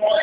more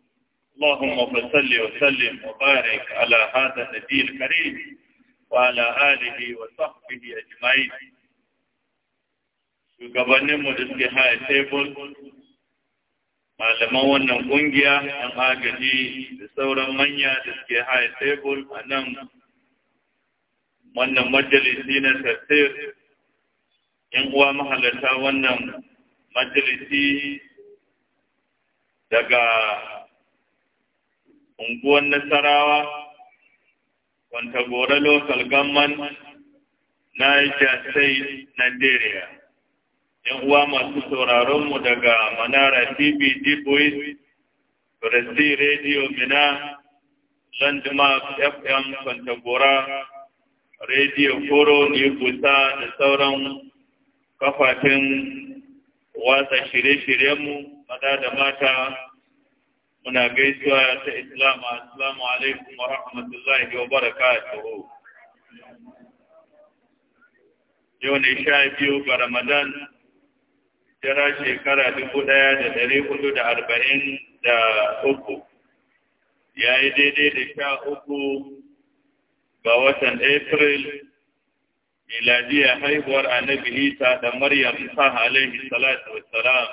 اللهم صل وسلم وبارك على هذا النبي الكريم وعلى آله وصحبه أجمعين shugabanninmu da suke haya tebul malaman wannan kungiya yan agaji da sauran manya da suke haya tebul a nan wannan majalisi na tafsir yan uwa mahalarta wannan majalisi daga Unguwar Nasarawa, Kwantagora Local Government Niger State, Nigeria. ‘Yan uwa masu sauraronmu daga Manara TV Deep Presti Radio Mina, Landmark FM Kwantagora, Radio Koro kusa da sauran kafafen wasa, shirye-shiryenmu maza da mata muna gaisuwa ta islamu assalamu alaikum wa rahmatullahi wa barakatuhu yau ne sha biyu ga ramadan jira shekara dubu ɗaya da dari hudu da arba'in da uku ya yi daidai da sha uku ga watan april miladiyar haihuwar annabi isa da maryam isa alaihi salatu wassalam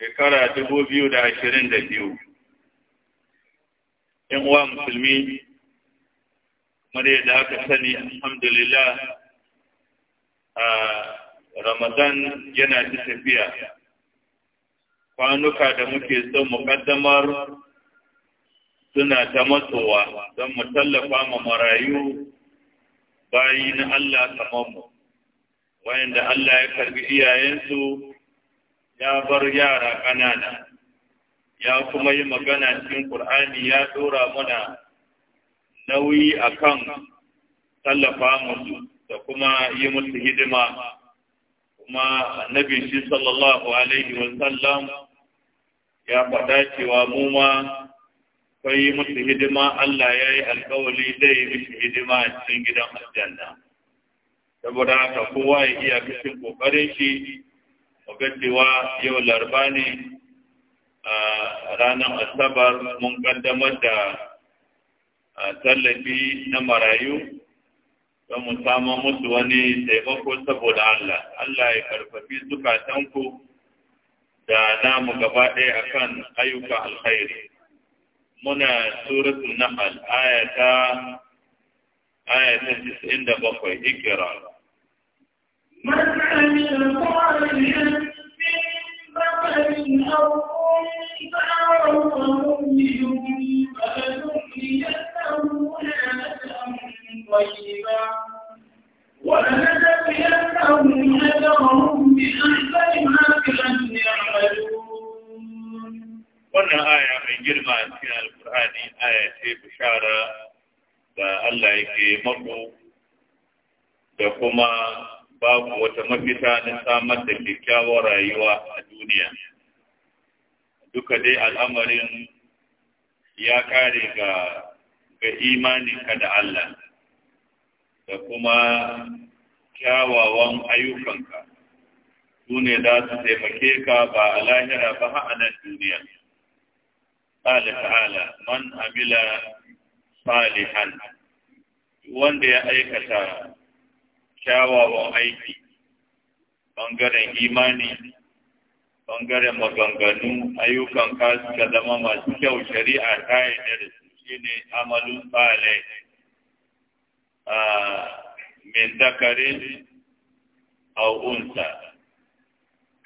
shekara dubu biyu da ashirin da biyu. ‘Yan uwa musulmi, mare da aka sani, alhamdulillah, a Ramadan yana ta tafiya. Kwanuka da muke son muƙaddamar suna ta matsowa don mu tallafa ma marayu bayi na Allah kamar mu, wayanda Allah ya karbi iyayensu ya bar yara ƙanana ya kuma yi magana cikin Kur'ani ya ɗora mana nauyi akan tallafa musu da kuma yi musu hidima kuma annabi shi sallallahu alaihi wa sallam ya faɗa cewa mu ma kai musu hidima Allah ya yi alkawali zai yi hidima a cikin gidan aljanna saboda haka kowa ya iya cikin ƙoƙarin shi kan yau larba ne a ranar asabar mun kaddamar da tallafi na marayu don mu samu musu wani taimako saboda Allah. Allah ya karfafi zukatanku da namu gaba ɗaya akan ayyuka alkhairi. Muna suratul Nahl aya ta aya 97 من عمل صالحا من ذكر أو أنثى وهو مؤمن فلنحيينه حياة طيبة ولنجزينهم أجرهم بأحسن ما كانوا يعملون. wannan aya mai girma a cikin alkur'ani aya ce bishara da Allah yake mako da kuma babu wata mafita na samar da kyakkyawar rayuwa a duniya duka dai al'amarin ya kare ga ga imaninka da Allah da kuma kyawawan ayyukanka Sune ne za su taimake ka ba a lahira ba a nan duniya ƙala ta'ala man amila salihan wanda ya aikata kyawawan aiki ɓangaren imani ɓangaren maganganu ayyukan ka zama masu kyau shari'a ta yi da su shine amalin tsale mintakare a unsa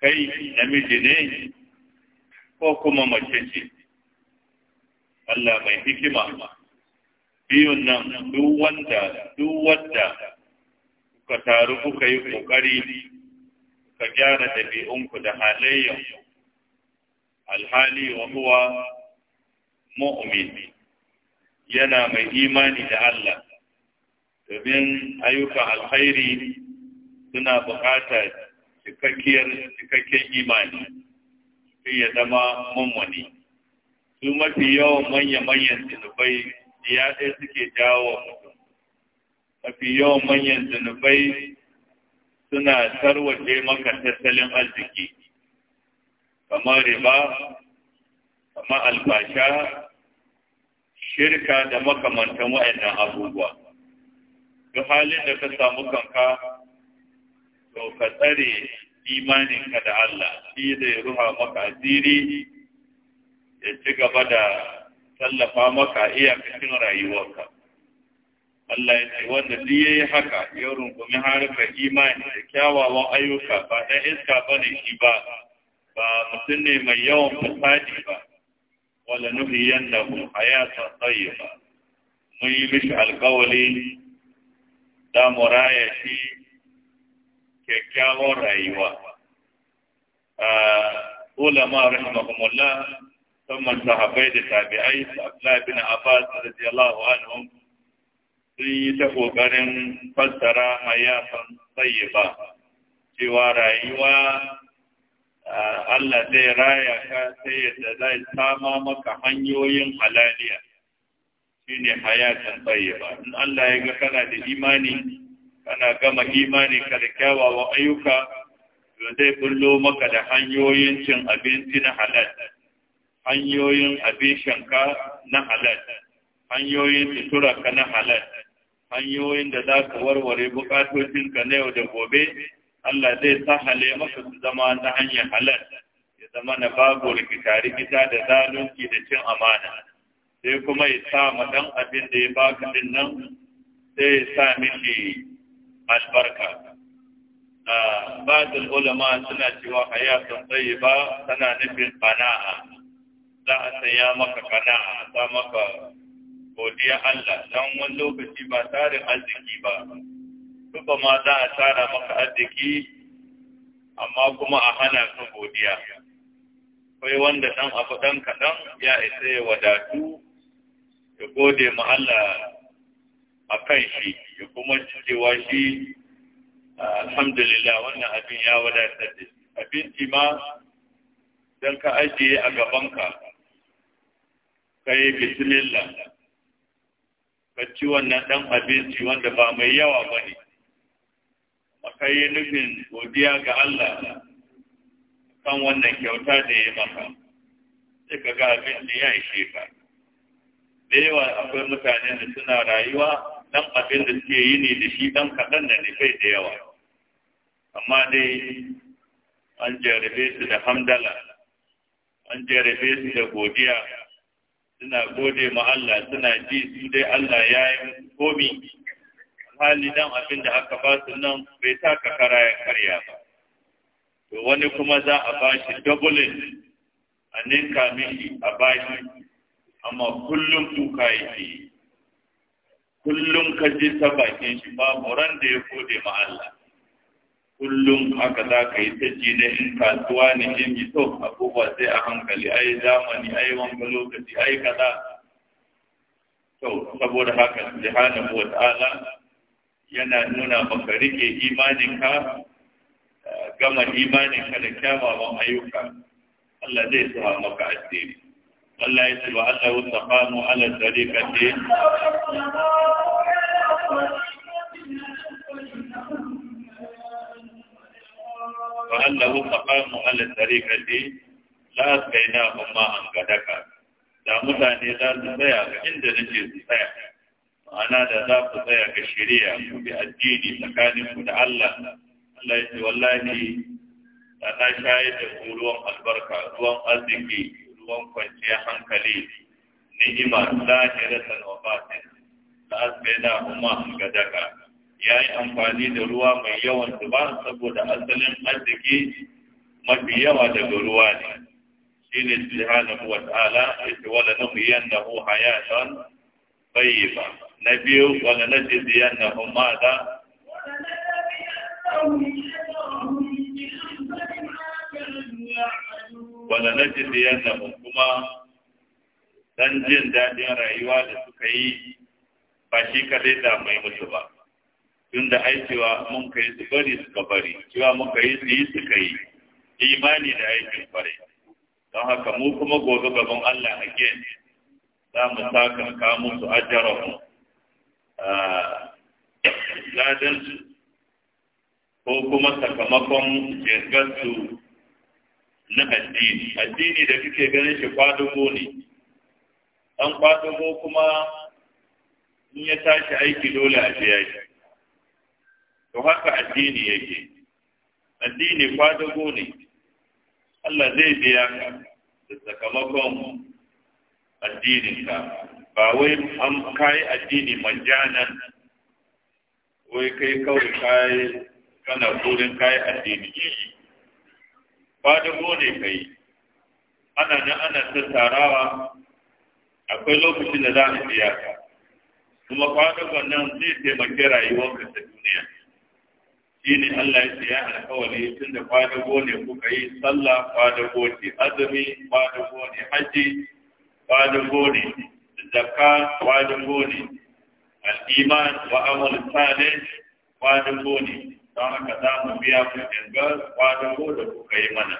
kai namiji ne ko kuma mace ce Allah mai hikima biyun nan duk wanda duk wadda ka taru kuka yi ƙoƙari ka gyara ɗabi'unku da halayyanku alhali wa huwa mu'min yana mai imani da Allah domin ayyuka alkhairi suna buƙatar cikakkiyar cikakken imani sai ya zama mummuni su mafi yawan manya-manyan zunubai ya ɗaya suke jawo mafi yawan manyan zunubai suna tarwace maka tattalin arziki kamar riba kamar albasha shirka da makamantan wa'annan abubuwa duk halin da ka samu kanka to ka tsare imaninka da Allah shi zai ruha maka asiri ya ci gaba da tallafa maka iyakacin rayuwarka Allah ya ce wanda duk yayi haka ya rungumi harkar imani da kyawawan ayyuka ba dan iska bane shi ba ba mutum ne mai yawan fasadi ba wala nuhiyannahu hayatan tayyiba mun yi mishi alƙawari da mu raya shi kyakkyawan rayuwa ulama rahimahumullah sun sahabbai da tabi'ai Abdullah bin Abbas radiyallahu anhum sun yi ta ƙoƙarin fassara mai tsaye ba cewa rayuwa Allah zai raya ka sai yadda zai sama maka hanyoyin halaliya shi ne hayatan tsaye ba in Allah ya ga kana da imani kana gama imani ka da ayyuka to zai bullo maka da hanyoyin cin abinci na halal hanyoyin abin shanka na halal hanyoyin sutura ka na halal hanyoyin da za ka warware bukatocin ka na yau da gobe Allah zai sahale maka su zama na hanyar halal ya zama na babu rikita-rikita da zalunci da cin amana sai kuma ya sa ma dan abin da ya baka din nan sai ya sa miki albarka ba'dul ulama suna cewa hayatun tayyiba tana nufin qana'a za a sanya maka qana'a za maka godiya Allah don wani lokaci ba tarin arziki ba duka ma za a tara maka arziki amma kuma a hana ka godiya kai wanda dan abu dan kaɗan ya isa ya wadatu ya gode ma Allah a kan shi ya kuma cewa shi alhamdulillah wannan abin ya wadatar da shi abinci ma don ka ajiye a gabanka ka yi bismillah ka ci wannan ɗan abinci wanda ba mai yawa ba ne kai yi nufin godiya ga Allah kan wannan kyauta da ya maka sai ka ga abin ya ishe ka da yawa akwai mutane da suna rayuwa ɗan abin da suke yi ne da shi ɗan kaɗan da nufai da yawa amma dai an jarabe su da hamdala an jarabe su da godiya suna gode ma Allah suna ji su dai Allah ya yi komi hali dan abin da aka ba su nan bai taka kara ya karya ba to wani kuma za a ba shi dubulin a ninka mishi a ba shi amma kullum kuka yake kullum ka ji ta bakin shi babu ran da ya gode ma Allah kullum haka za ka yi ta ji da in kasuwa ne in yi to abubuwa sai a hankali ai zamani ai wanga lokaci ai kaza to saboda haka subhanahu wata'ala yana nuna maka rike imaninka gama imaninka da kyawawan ayyuka Allah zai sa maka asiri Allah ya ce wa Allah wa ala tariqati فأنه مقام على الطريقة لا أسقيناهم ماء غدقا da mutane za su tsaya ga inda nake su tsaya ma'ana da za ku tsaya ga shari'a ku bi addini tsakaninku da Allah Allah ya ce wallahi da na shayar da ku ruwan albarka ruwan arziki ruwan kwanciyar hankali ni'ima zahiratan wa batin la asbaina huma gadaka ya yi amfani da ruwa mai yawan zuba saboda asalin arziki mafi yawa daga ruwa ne shi ne subhanahu wa ta'ala yace wala nuhyiyannahu bayi ba. na biyu wala najziyannahum da wala najziyannahum kuma dan jin daɗin rayuwa da suka yi ba shi kaɗai da mai mutu ba tunda ai cewa mun kai su bari suka bari cewa mun kai su yi su yi imani da aikin kwarai don haka mu kuma gobe gaban Allah a again za mu saka ka musu ajarahu ladan su ko kuma sakamakon jirgar na addini addini da kuke ganin shi kwadugo ne an kwadugo kuma in ya tashi aiki dole a biya shi to haka addini yake addini kwadago ne Allah zai biya ka da sakamakon addininka ba wai an kayi addini majanan wai kai kawai kayi kana burin kayi addini jiji kwadago ne kai ana nan ana tattarawa akwai lokacin da za a biya ka kuma kwadagon nan zai taimaki rayuwarka ta duniya shine Allah ya ce ya alkawali tun da kwadago ne kuka yi sallah kwadago ne azumi kwadago ne haji kwadago ne zakka kwadago ne al'iman wa amal salih kwadago ne don haka za mu biya ku dinga kwadago da kuka yi mana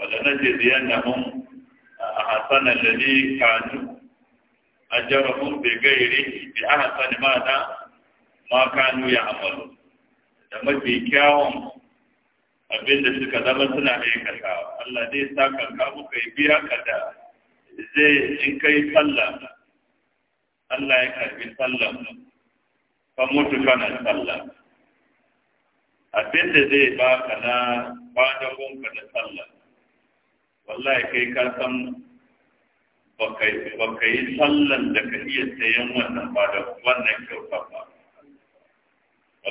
wanda na ce ziyan na mun a hasana da ni kanu a jarahun bai gairi bi a hasani ma na ma kanu ya amalu da mafi kyawun abin da suka zama suna aikata Allah zai sa kanka muka yi biya ka da zai in kai sallah Allah ya karbi sallah fa mutu kana sallah abin da zai ba ka na ba da sallah wallahi kai ka san baka yi sallan da ka iya sayan wannan ba da wannan kyauta ba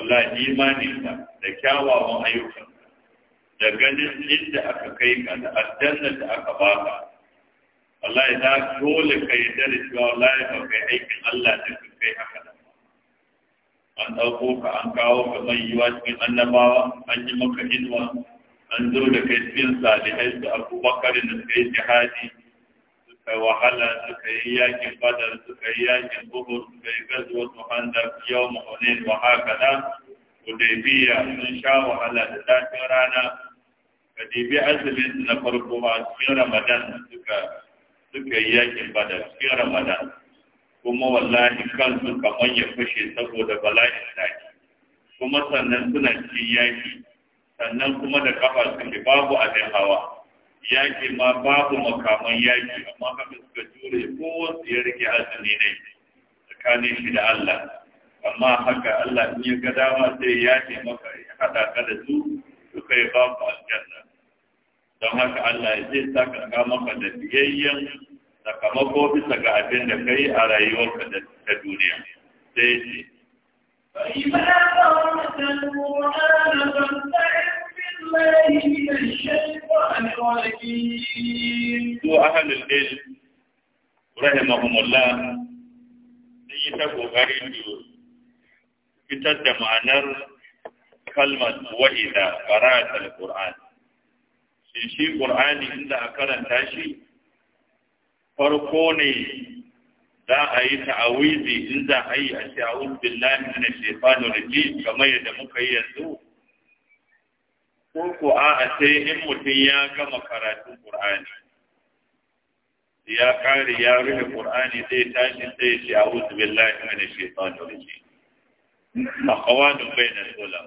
wallahi imaninka da kyawawan ayyukan da ganin inda aka kai ka da aljanna da aka baka wallahi ya dole ka yi da cewa wallahi ya kai aikin Allah da kai haka da? an ɗauko ka an kawo ka mai yiwa cikin annabawa an yi maka hidima an zo da kai cikin salihai da abubakar da suka jihadi kai wahala suka yi yakin badar suka yi yakin bubur suka yi gazuwar muhandar yau mahonin wa haka nan hudaybiya sun sha wahala da zafin rana ka dibi azumin na farko a cikin ramadan suka suka yi yakin badar cikin ramadan kuma wallahi kansu kamar ya fashe saboda bala'in daki kuma sannan suna cikin yaki sannan kuma da kafa suke babu abin hawa yaki ma babu makaman yaki amma haka suka jure ko wasu ya rike azumi ne tsakanin shi da Allah amma haka Allah in ya ga dama sai ya ce maka ya haɗa ka da su su kai babu aljanna don haka Allah ya zai saka ga maka da biyayyen sakamako bisa ga abin da kai a rayuwarka ta duniya sai ce بالله من الشيطان الرجيم وأهل العلم رحمهم الله sun yi ta ƙoƙarin fitar da ma'anar kalmar wa'iza ƙara'atar ƙur'an. Shin shi ƙur'ani inda a karanta shi, farko ne za a yi ta'awizi in za a yi a sha'un billahi na shefanin rajim kamar yadda muka yi yanzu ko ko a sai in mutum ya gama karatun Qur'ani ya kare ya rufe Qur'ani zai tashi sai ya ce wuce billahi A shaitanir da bai na sola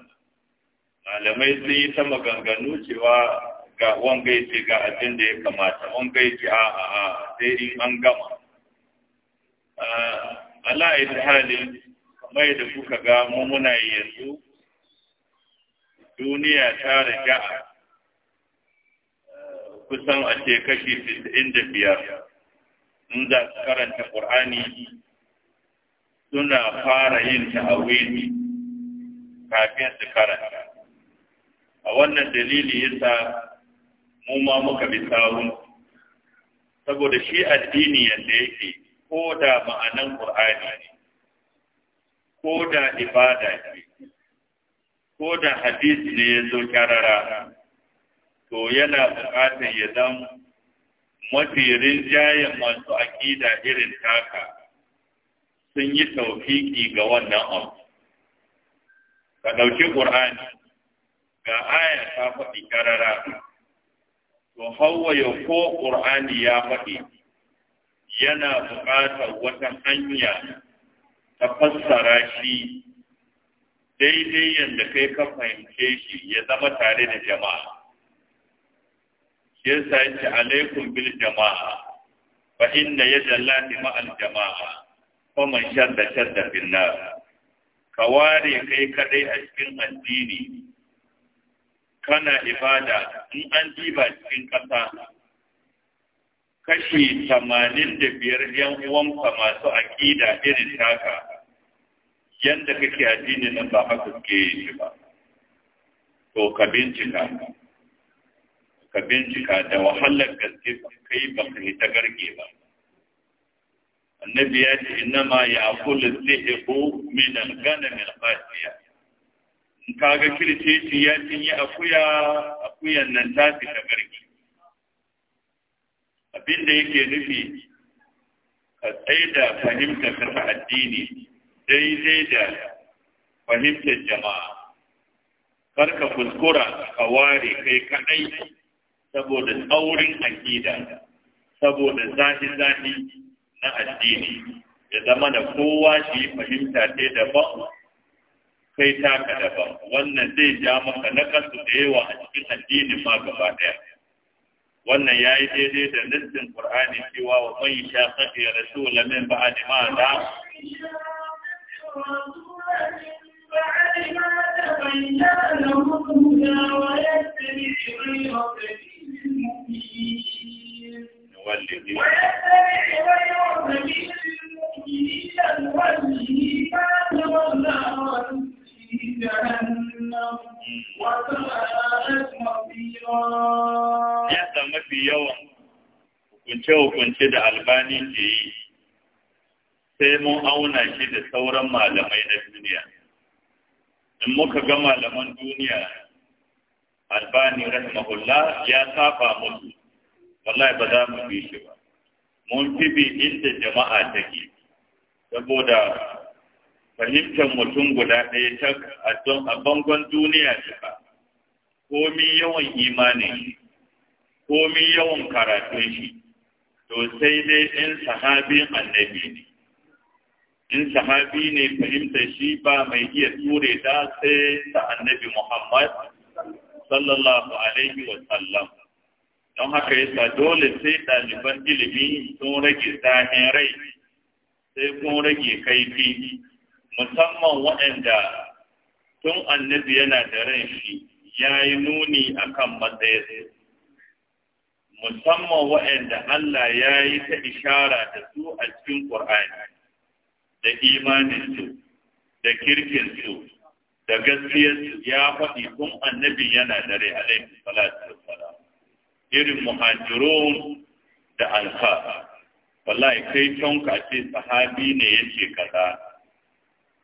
malamai sun yi ta maganganu cewa ga wanga ce ga abin da ya kamata wanga ce a a a sai in an gama Allah ya ta hali kamar da kuka ga mu muna yanzu duniya ta riga eh, kusan a ce kashi 95 in za su karanta ƙur'ani suna fara yin ta'awili kafin su karanta a wannan dalili yasa mu ma muka bi sawun saboda shi addini yadda yake ko da ma'anan ƙur'ani ko da ibada ke. ko da hadisi ne ya zo kyarara to yana buƙatar ya zan mafi rinjayen masu aƙida irin taka sun yi taufiki ga wannan abu ka ɗauki ƙur'ani ga aya ta faɗi kyarara to hawaye ko ƙur'ani ya faɗi yana buƙatar wata hanya ta fassara shi daidai yadda kai ka fahimce shi ya zama tare da jama'a shi yasa yake alaikum bil jama'a fa inna yada lati ma'al jama'a fa man shadda shadda bin nar ka ware kai kaɗai a cikin addini kana ibada in an diba cikin ƙasa kashi tamanin da biyar yan uwanka masu aƙida irin taka yadda kake addini nan ba haka suke yi shi ba to ka bincika ka bincika da wahalar gaske kai ba ka yi ta ba annabi ya ce inna ma ya akulu zihibu min al-ghanam qasiya in ka ga kirteci ya cinye akuya akuyan nan ta fi ta abinda yake nufi ka tsaida da fahimtar addini daidai da fahimtar jama'a kar ka kuskura ka ware kai kaɗai saboda tsaurin aƙida, saboda zahi-zahi na addini ya zama da kowa shi fahimta ta daban kai taka daban wannan zai ja maka nakasu da yawa a cikin addini ma gaba daya wannan ya yi daidai da listin ƙur'ani cewa wa mai shaƙaƙe rasu lamin ba a da hukunce-hukunce da albani ke yi sai mun auna shi da sauran malamai na duniya in muka ga malaman duniya albani rahimahullah ya saba mutu, wallahi ba za mu bi shi ba mun fi bi inda jama'a take saboda fahimtar mutum guda ɗaya ta a bangon duniya Ko komi yawan imanin shi komi yawan karatun shi to sai dai ɗin sahabin annabi ne in sahabi ne fahimta shi ba mai iya ture ta sai ta annabi Muhammad sallallahu alaihi wa sallam don haka yasa dole sai ɗaliban ilimi sun rage zahin rai sai kun rage kaifi musamman waɗanda tun annabi yana da ran shi ya yi nuni akan matsayinsu musamman waɗanda Allah ya yi ta ishara da su a cikin Ƙur'ani. da imaninsu da kirkinsu da gaskiyarsu ya faɗi kun annabin yana dare alaihi salatu wassalam irin muhajirun da ansar wallahi kai tonka ce sahabi ne yace kaza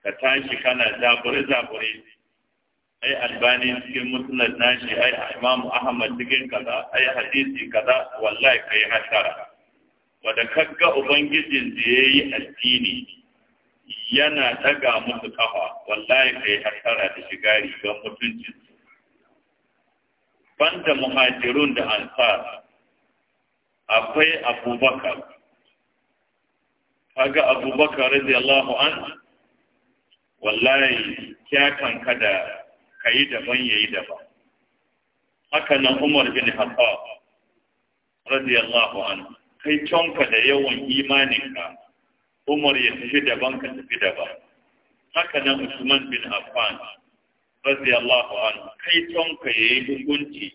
ka tashi kana zabure zabure ai albani cikin musnad nashi ai imam ahmad cikin kaza ai hadisi kaza wallahi kai hasara wanda kaga ubangijin da yayi addini yana daga musu kafa wallahi kai hasara da shiga ga mutuncin banda muhajirun da ansar akwai abubakar kaga abubakar radiyallahu an wallahi kyakan kada kayi daban yayi daban haka nan umar bin khattab radiyallahu an kai canka da yawan imaninka Umar ya tafi daban ka tafi daban haka nan Usman bin Affan radiyallahu an, kai tonka yi hukunci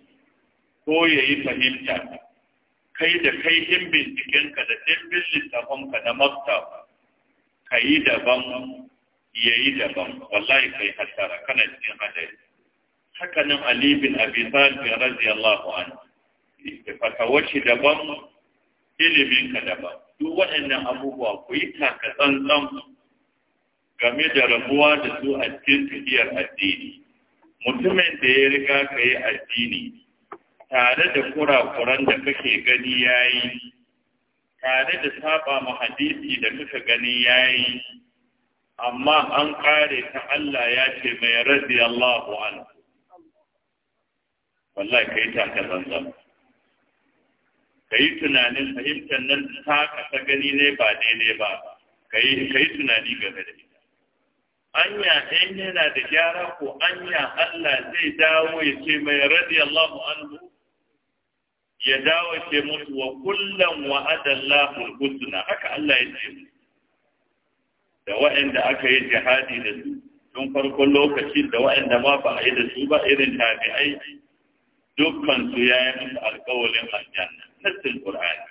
ko ya yi fahimta kai da kai in bincikenka da ɗin bin ka na mafta, ka yi daban ya yi daban wallahi kai hasara kana cikin hadari haka nan Ali bin Abi Talib radiyallahu an, fatawar wace daban ilimin ka daban duk waɗannan abubuwa ku yi taka tsantsan game da rabuwa da su a cikin tafiyar addini mutumin da ya riga ka yi addini tare da kurakuran da kake gani ya yi tare da saba ma hadisi da kuka gani ya yi amma an kare ta Allah ya ce mai radiyallahu anhu wallahi kai ta kazanzan ka yi tunanin fahimtar nan ta kasa gani ne ba daidai ba ka yi tunani game da ita anya in yana da gyara ko anya Allah zai dawo ya ce mai radiyallahu anhu ya dawo ya ce mutu wa kullum wa adallahu husna haka Allah ya ce da waɗanda aka yi jihadi da su tun farko lokacin da waɗanda ma ba a yi da su ba irin tabi'ai dukkan su ya yi musu aljanna nassin qur'ani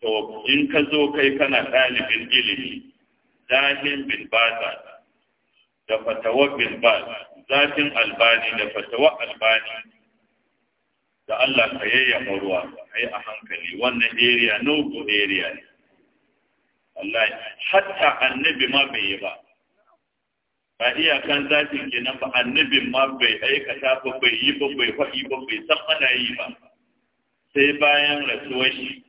to in ka zo kai kana ɗalibin ilimi zafin bin bata da fatawa bin bata zatin albani da fatawa albani da Allah ka yayyama ruwa ai a hankali wannan area no go area ne wallahi hatta annabi ma bai yi ba ba iyakan zatin kenan ba annabin ma bai aikata ba bai yi ba bai faɗi ba bai san ana yi ba sai bayan rasuwar shi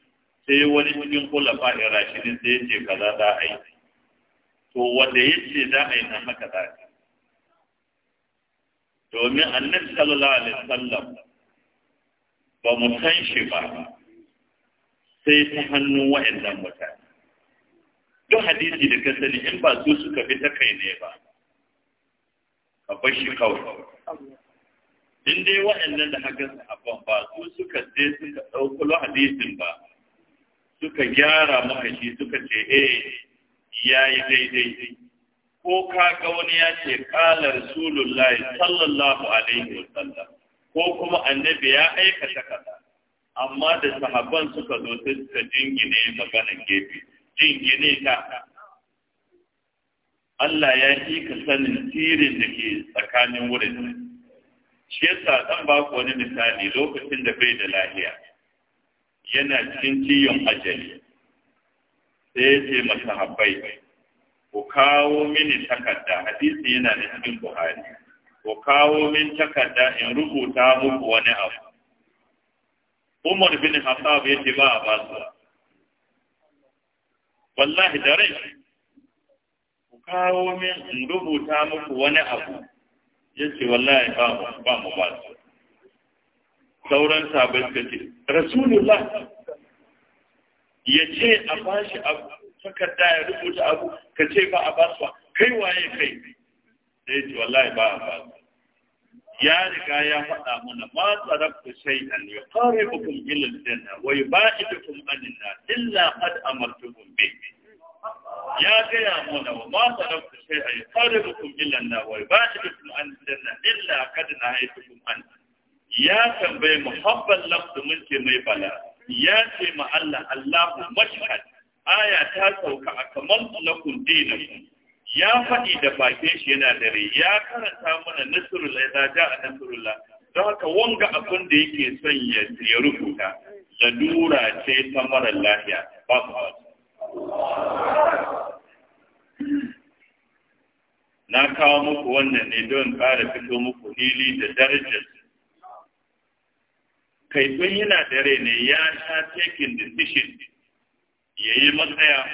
sai wani cikin kulafa irashidin sai ya kaza za a yi to wanda ya ce za a yi nan haka za domin annabi sallallahu alaihi wasallam ba mu san shi ba sai ta hannun wa'annan mutane duk hadisi da ka sani in ba su suka fi ta kai ne ba ka bar shi kawai in dai waɗannan da haka sahabban ba su suka je suka ɗaukulo hadisin ba suka gyara maka shi suka ce eh ya yi daidai ko ka ga wani ya ce kala rasulullahi sallallahu alaihi wa sallam ko kuma annabi ya aikata kaza amma da sahabban suka zo sai suka jingine maganan gefe jingine ta Allah ya yi ka sanin sirrin da ke tsakanin wurin shi yasa zan ba ku wani misali lokacin da bai da lahiya yana cikin ciyon ajali sai ya ce masa habbai ku kawo mini takarda hadisi yana da cikin buhari ku kawo min takarda in rubuta muku wani abu umar bin hasab ya ce ba a ba su wallahi da rai ku kawo min in rubuta muku wani abu ya ce wallahi ba mu ba mu ba su sauran sabai suka ce rasulullah ya ce a ba shi abu takarda ya rubuta abu ka ce ba a ba su ba kai waye kai da ya ce wallahi ba a ba su ya riga ya faɗa mana ma tsarafta shay'an ya qaribukum ila aljanna wa yubaidukum anin nina illa qad amartukum bihi ya gaya mana wa ma sarrafa sai a yi faribukun illan na wai ba shi bikin an janna illa kada na haifukun an ya tambaye muhabban lafdu mun ce mai bala ya ce ma Allah Allahu mashhad aya ta sauka a kaman lakum dinakum ya faɗi da bakin shi yana dare ya karanta mana nasrullah da ja a nasrullah don haka wanga abin da yake son ya rubuta lalura ce ta mara lafiya ba na kawo muku wannan ne don ƙara fito muku nili da darajar kai tun yana dare ne ya sha taking decision ya yi matsaya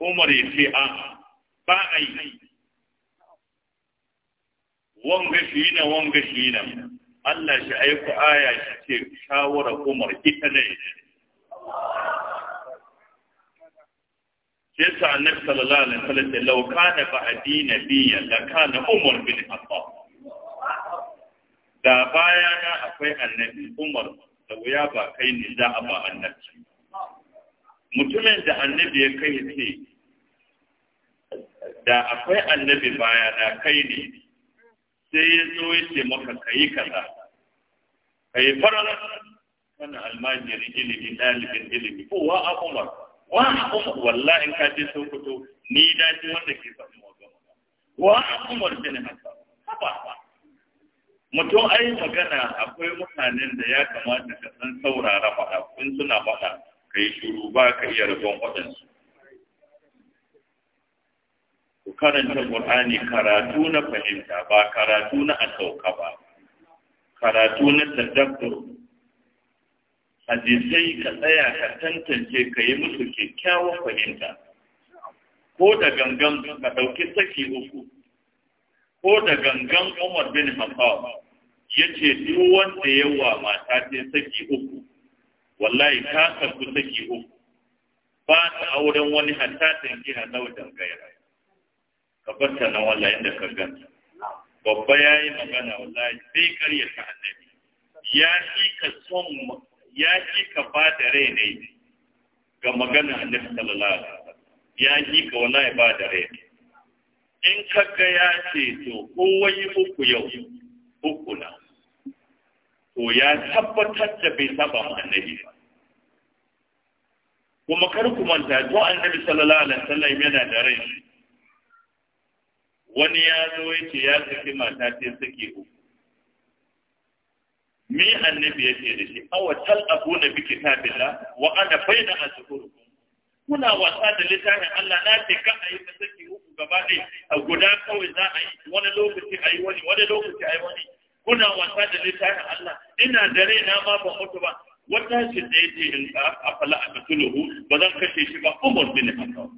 umar ya ce a ba a yi wanga shi na wanga shi na Allah shi aiko aya shi ce shawara umar ita ne sai sa annabi sallallahu alaihi wasallam ya lau kana ba'di nabiyya la kana umar bin khattab da baya na akwai annabi umar da wuya ba kai ne za a ba annabi mutumin da annabi ya kai ce da akwai annabi baya na kai ne sai ya zo ya ce maka kai kaza kai farar kana almajirin ilimi dalibin ilimi kowa a umar wa umar wallahi ka je sun fito ni da shi wanda ke faɗin wajen wa umar bin haka haba mutum ai magana akwai mutanen da ya kamata ka san saurara faɗa kun suna faɗa ka yi shuru ba ka iya rabon waɗansu ku karanta Qur'ani karatu na fahimta ba karatu na asauka ba karatu na tadabbur hadisai ka tsaya ka tantance ka yi musu kyakkyawan fahimta ko da gangan ka ɗauki saki uku ko da gangan Umar bin hafawa ya ce duk wanda yawa mata ce saki uku wallahi ka karku saki uku ba ta auren wani hatta tanki na nau'in gaira ka barta na wallahi da ka ganta babba ya yi magana wallahi sai karyata annabi ya shi ka son ya ki ka ba da rai ne ga magana annabi sallallahu alaihi ya ki ka wallahi ba da rai in ka ga ya ce to kowai uku yau uku na to ya tabbatar da bai saba ma annabi ba kuma kar ku manta to annabi sallallahu alaihi wasallam yana da rai wani ya zo ce ya saki mata ce saki uku mi annabi yake da shi awa tal abuna bi kitabillah wa ana baina azkurukum kuna wasa da litafin Allah na ce ka ayi ka saki uku gaba ne a guda kawai za a yi wani lokaci ayi wani wani lokaci ayi wani kuna wasa da litafin Allah ina da rai na ma ban mutu ba wata shi da yake in ka afala a ba zan kashe shi ba umar bin Khattab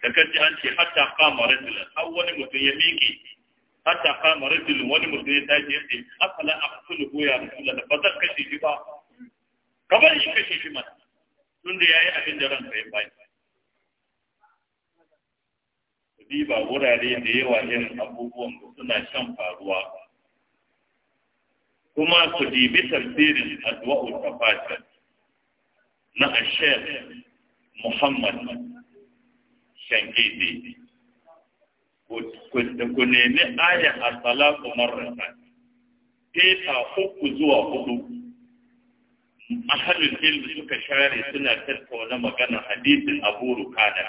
da kace an ce hatta qama rajulan har wani mutum ya miƙe hatta kama rajulun wani mutum ya tashi yace afala aqtuluhu ya rasulullah ba zan kashe shi ba ka shi kashe shi mana tunda yayi abin da ran ya bai riba wurare da yawa irin abubuwan da suna shan faruwa kuma ku dibi tafsirin addu'a'ul tafatir na ashef muhammad shankidi ku nemi ayan asalaku marrata teta uku zuwa hudu ahalul ilmi suka share suna tattauna magana hadisin abu rukana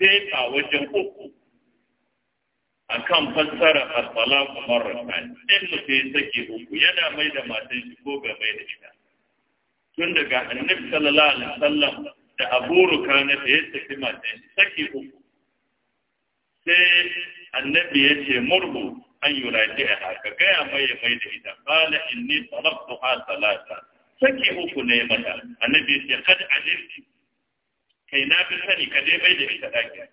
teta wajen uku akan fassara asalatu marrata in mutum ya sake uku yana mai da matan shi ko ga mai da shi tun daga annabi sallallahu alaihi wasallam da abu rukana da ya saki matan shi sake uku sai annabi ya ce murhu an yuraji a haka gaya mai mai da ita kala inni talabtu ha salata sake uku ne mata annabi ya ce kad alimti kai na fi sani ka dai mai da ita ɗakin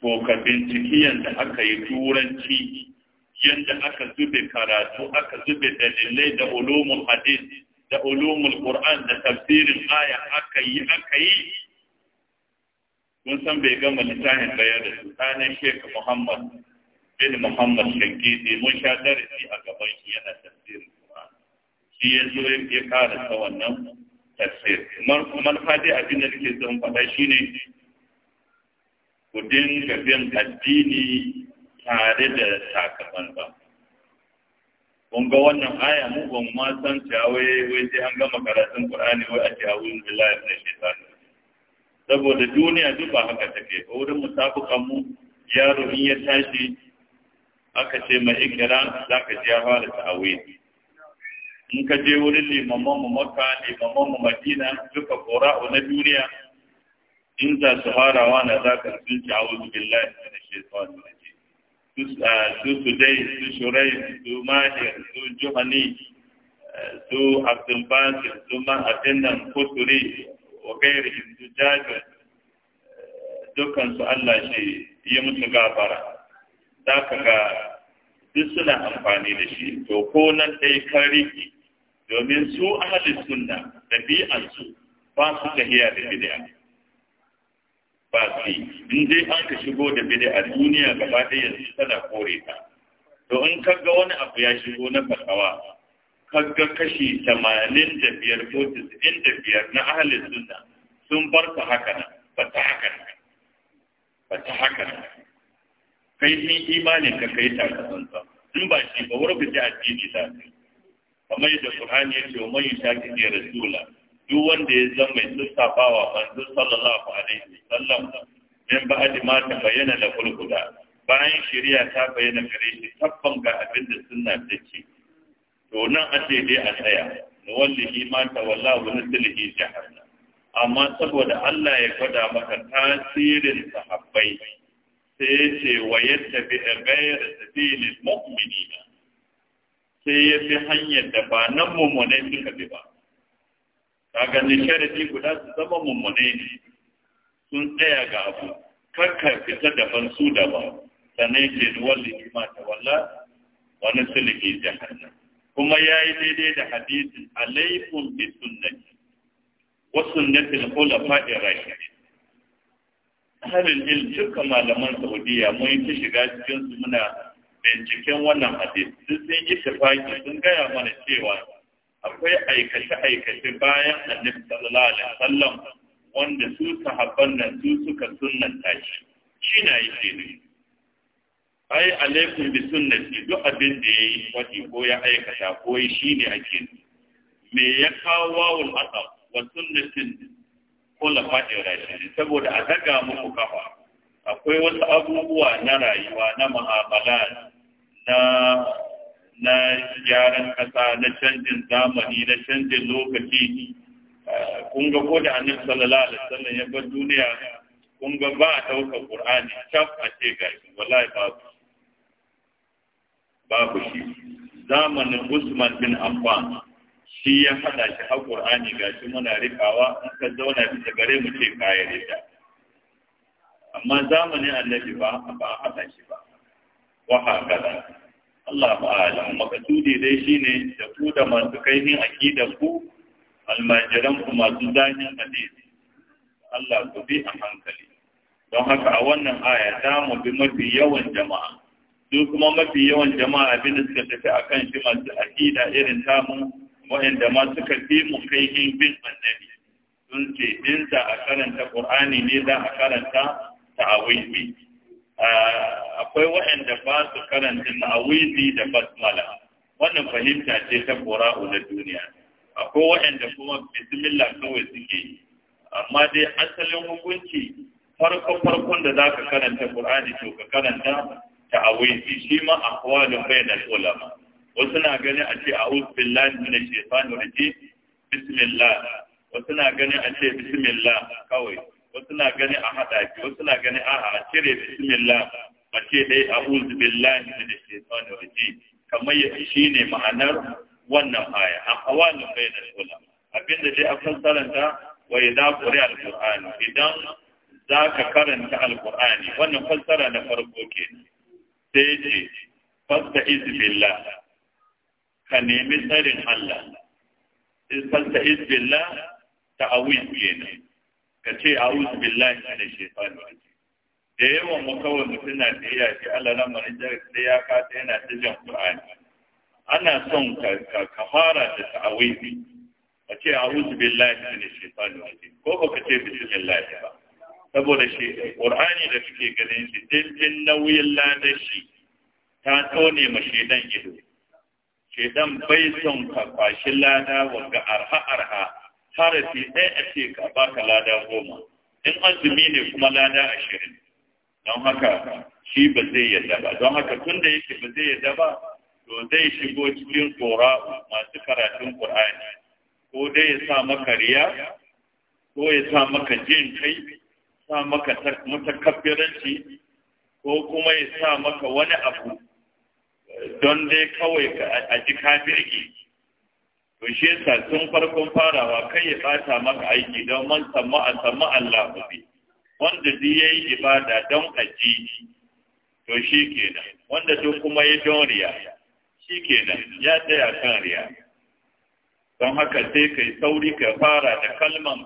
to ka binciki yadda aka yi turanci yadda aka zube karatu aka zube dalilai da ulumul hadis da ulumul qur'an da tafsirin aya aka yi aka yi kun san bai gama littafin ba da su ɗanin Sheikh Muhammad bin Muhammad Shankidi mun sha darasi a gaban shi yana tafsirin Qur'an shi ya zo ya ta wannan tafsir manufa dai abin da nake son faɗa shine ku dinga bin addini tare da sakamakon ba kun ga wannan aya mu ban ma san cewa wai sai an gama karatun ƙur'ani wai a ce a'udhu billahi minash shaitani saboda duniya duk ba haka take ba wurin musabukan mu yaro in ya tashi aka ce mai ikira za ka ji ya fara ta'awili in ka je wurin limaman mu makka limaman mu madina duka kora na duniya in za su wa na za ka sun ci awuzu billahi da tsawon rajim su dai ah, su shurai su mahir su juhani eh, su abdulbasir su ma'adin nan kusuri wa gairi dukansu Allah shi yi mutu gafara za ka ga duk suna amfani da shi to ko nan dai kariki domin su ahalin sunna ɗabi'ansu ba su tahiya da bid'a ba su in dai an ka shigo da bid'a duniya gaba ɗaya yanzu tana kore ta to in ka ga wani abu ya shigo na fatawa kaga kashi tamanin da biyar ko tisa'in da biyar na ahalin sunna sun bar ta haka nan ba ta haka nan ba ta haka nan kai ni imanin ka kai ta kasanta in ba shi ba wurin ta addini ta kai kamar yadda Qur'ani ya ce wa man yushaqi rasula duk wanda ya zama mai lissafawa manzo sallallahu alaihi wasallam ba hadi ma ta bayyana da kulkuda bayan shari'a ta bayyana gare shi tabban ga abin da sunna take to nan a ce dai a tsaya na shi ma ta walla wani nasilihi jahannam amma saboda Allah ya gwada maka tasirin sahabbai sai ce wa gayar ghayra mu'mini na. sai ya fi hanyar da ba nan mummune suka bi ba kaga ni sharadi guda su zama mummune ne sun tsaya ga abu kakka fita daban su daban sannan ke duwar likima ta walla wani sulhi jahannam kuma ya yi daidai da hadisin alaikum bi sunnati wa sunnati al-khulafa'ir rashidin halin ilm duka malaman Saudiya mun yi ta shiga cikin su muna binciken wannan hadis sun sun yi shafaki sun gaya mana cewa akwai aikace-aikace bayan annabi sallallahu alaihi wasallam wanda su sahabban nan su suka sunnanta shi shi na yi daidai ai alaikum bi sunnati duk abin da yayi wadi ko ya aikata ko yi shine ake me ya kawo wawul asab wa sunnatin khulafa'ir rashidin saboda a daga muku kafa akwai wasu abubuwa na rayuwa na mu'amala na na gyaran kasa na canjin zamani na canjin lokaci eh, kun ga ko da annabi sallallahu alaihi wasallam ya bar duniya kun ga ba a ɗauka qur'ani cap a ce gari. wallahi babu babu shi zamanin Usman bin Affan shi ya hada shi har ga shi muna rikawa in ka zauna bisa gare mu ce kayan rika amma zamanin Annabi ba ba a hada shi ba wa haka Allah alam makasudi dai shine da ku da masu kaihin akidar ku almajiran ku masu zahin hadisi Allah ku bi a hankali don haka a wannan aya za mu bi mafi yawan jama'a su kuma mafi yawan jama'a abin da suka tafi akan shi masu aƙida irin tamu wa'anda ma suka fi mu kai bin annabi sun ce in a karanta ƙur'ani ne za a karanta ta'awizi akwai wa'anda ba su karanta ta'awizi da basmala wannan fahimta ce ta ƙura'u na duniya akwai wa'anda kuma bismillah kawai suke yi amma dai asalin hukunci farko farkon da za ka karanta ƙur'ani to ka karanta ta'awizi shi ma aqwalun bainal ulama wasu na gani a ce a'udhu billahi minash shaitanir rajim bismillah wasu na gani a ce bismillah kawai wasu na gani a hada ki wasu na gani a'a cire bismillah a ce dai a'udhu billahi minash shaitanir rajim kamar shi ne ma'anar wannan aya aqwalun bainal ulama abinda dai akan saranta wa idza quri'a al-qur'an idan zaka karanta al-qur'ani wannan fassara na farko kenan sai ya ce fasta izbillah ka nemi tsarin Allah fasta izbillah ta awin ne, ka ce a'udhu billahi shi shaitani rajim da yawan mu mutum na da iya shi Allah na mani da ya kata yana ta jan Qur'ani ana son ka ka fara da ta'awuzi ka ce a'udhu billahi minash shaitani rajim ko ba ka ce bismillah ba saboda shi ƙur'ani da suke ganin shi dindin nauyin ladashi ta tone ma shaidan ido Shaidan bai son ka kwashi lada wanga arha arha har su ɗaya a ce ka baka lada goma in azumi ne kuma lada ashirin don haka shi ba zai yadda ba don haka tun da yake ba zai yadda ba to zai shigo cikin tsora masu karatun ƙur'ani ko dai ya sa maka riya ko ya sa maka jin kai sa maka mutakabbiranci ko kuma ya sa maka wani abu don dai kawai a ji kafirki to shi yasa tun farkon farawa kai ya bata maka aiki don man samma a samma Allah bi wanda zai yayi ibada don aji to shi kenan wanda to kuma ya don riya shi kenan ya tsaya kan riya don haka sai kai sauri ka fara da kalmar?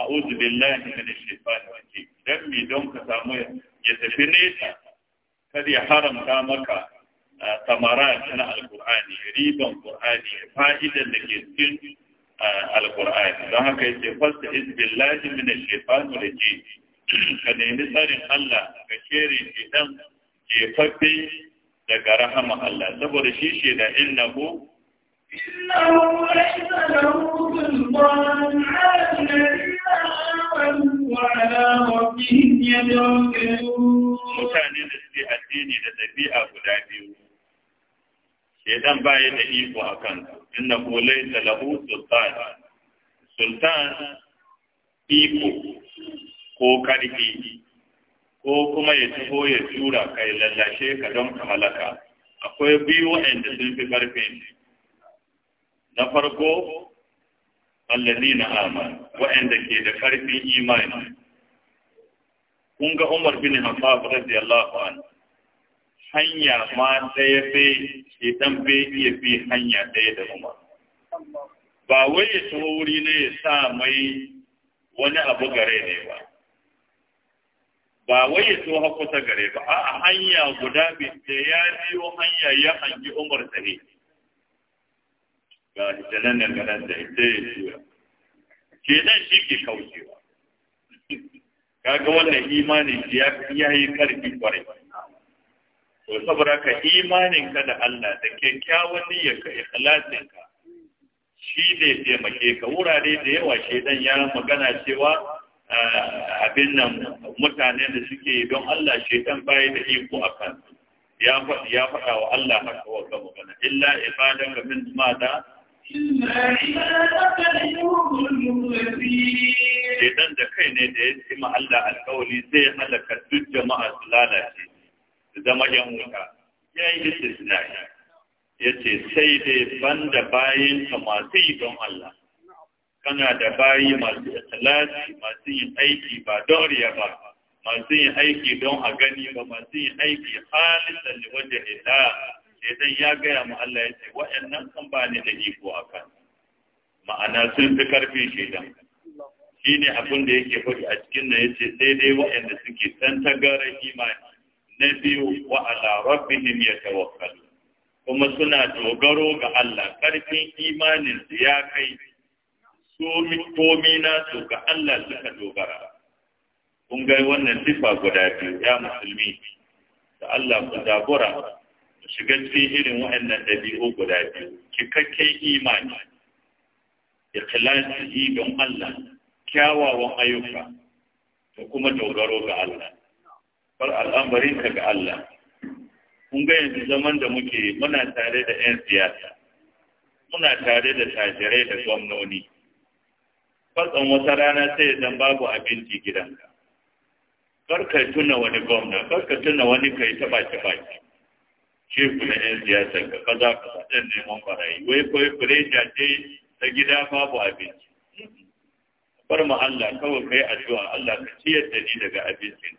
a'udhu billahi minash shaitani rajim dan me don ka samu ya tafi nesa kada ya haramta maka ah, samara na alkur'ani riban qur'ani fa'idan da ke cikin ah, alkur'ani don haka yace fasta iz mina minash da ke ka nemi tsarin Allah ka shere shi dan jefaffe daga rahama Allah saboda shi shi da innahu innahu laysa lahu sultan mutane da suke addini da ɗabi'a guda biyu shedan baya da iko a kansu inda ko laisa lahu sultan sultan iko ko karfi ko kuma ya taho ya tura kai lallashe ka don ka halaka akwai biyu waɗanda sun fi ƙarfin na farko na amanu wa'anda ke da karfin imani kun ga Umar bin Hafaf radiyallahu anhu hanya ma ɗaya bai idan bai iya bi hanya ɗaya da Umar ba wai ya taho wuri ne ya sa mai wani abu gare ne ba ba wai ya taho gare ba a hanya guda bi da ya biyo hanya ya hangi Umar sahihi ga jalan nan kana da ita ya ke nan shi ke kaucewa kaga wannan imanin ya yi karfi kwarai to saboda ka imanin ka da Allah da kyakkyawan niyyarka ka ikhlasin ka shi ne taimake ka wurare da yawa shedan ya magana cewa eh, abin nan mutane da suke don Allah shedan bai da iko akan ya faɗa wa Allah haka wa magana illa ka min mata Idan da kai ne da ya ci Allah alkawali zai halaka duk jama'a su lalace su zama ‘yan wuta, ya yi da istisna ya ce sai dai ban da bayan bayinka masu yi don Allah, kana da bayi masu ikhlasi masu yin aiki ba don riya ba, masu yin aiki don a gani ba masu yin aiki halin da wajen ila sai ya gaya mu Allah ya ce wa'annan kan ba ne da iko a kan ma'ana sun fi karfi shaidan shi ne abin da yake faɗi a cikin da ya ce sai dai waɗanda suke san tagarar imani na biyu wa ala rabbihim yatawakkalu kuma suna dogaro ga Allah karfin imanin su ya kai somi komi na su ga Allah suka dogara kun ga wannan sifa guda biyu ya musulmi da Allah ku jagora shiga cikin irin waɗannan ɗabi'u guda biyu cikakken imani ikhlasi don Allah kyawawan ayyuka da kuma dogaro ga Allah bar al'amarin ka ga Allah kun ga yanzu zaman da muke muna tare da 'yan siyasa muna tare da tajirai da gwamnoni fatsan wata rana sai zan babu abinci gidanka ka tuna wani gwamna ka tuna wani kai ta baki baki shefu na yan siyasa ka kaza kaza ɗan neman barayi wai kawai kuresha ce ta gida babu abinci bar mu Allah kawai kai addu'a Allah ka ciyar da ni daga abincin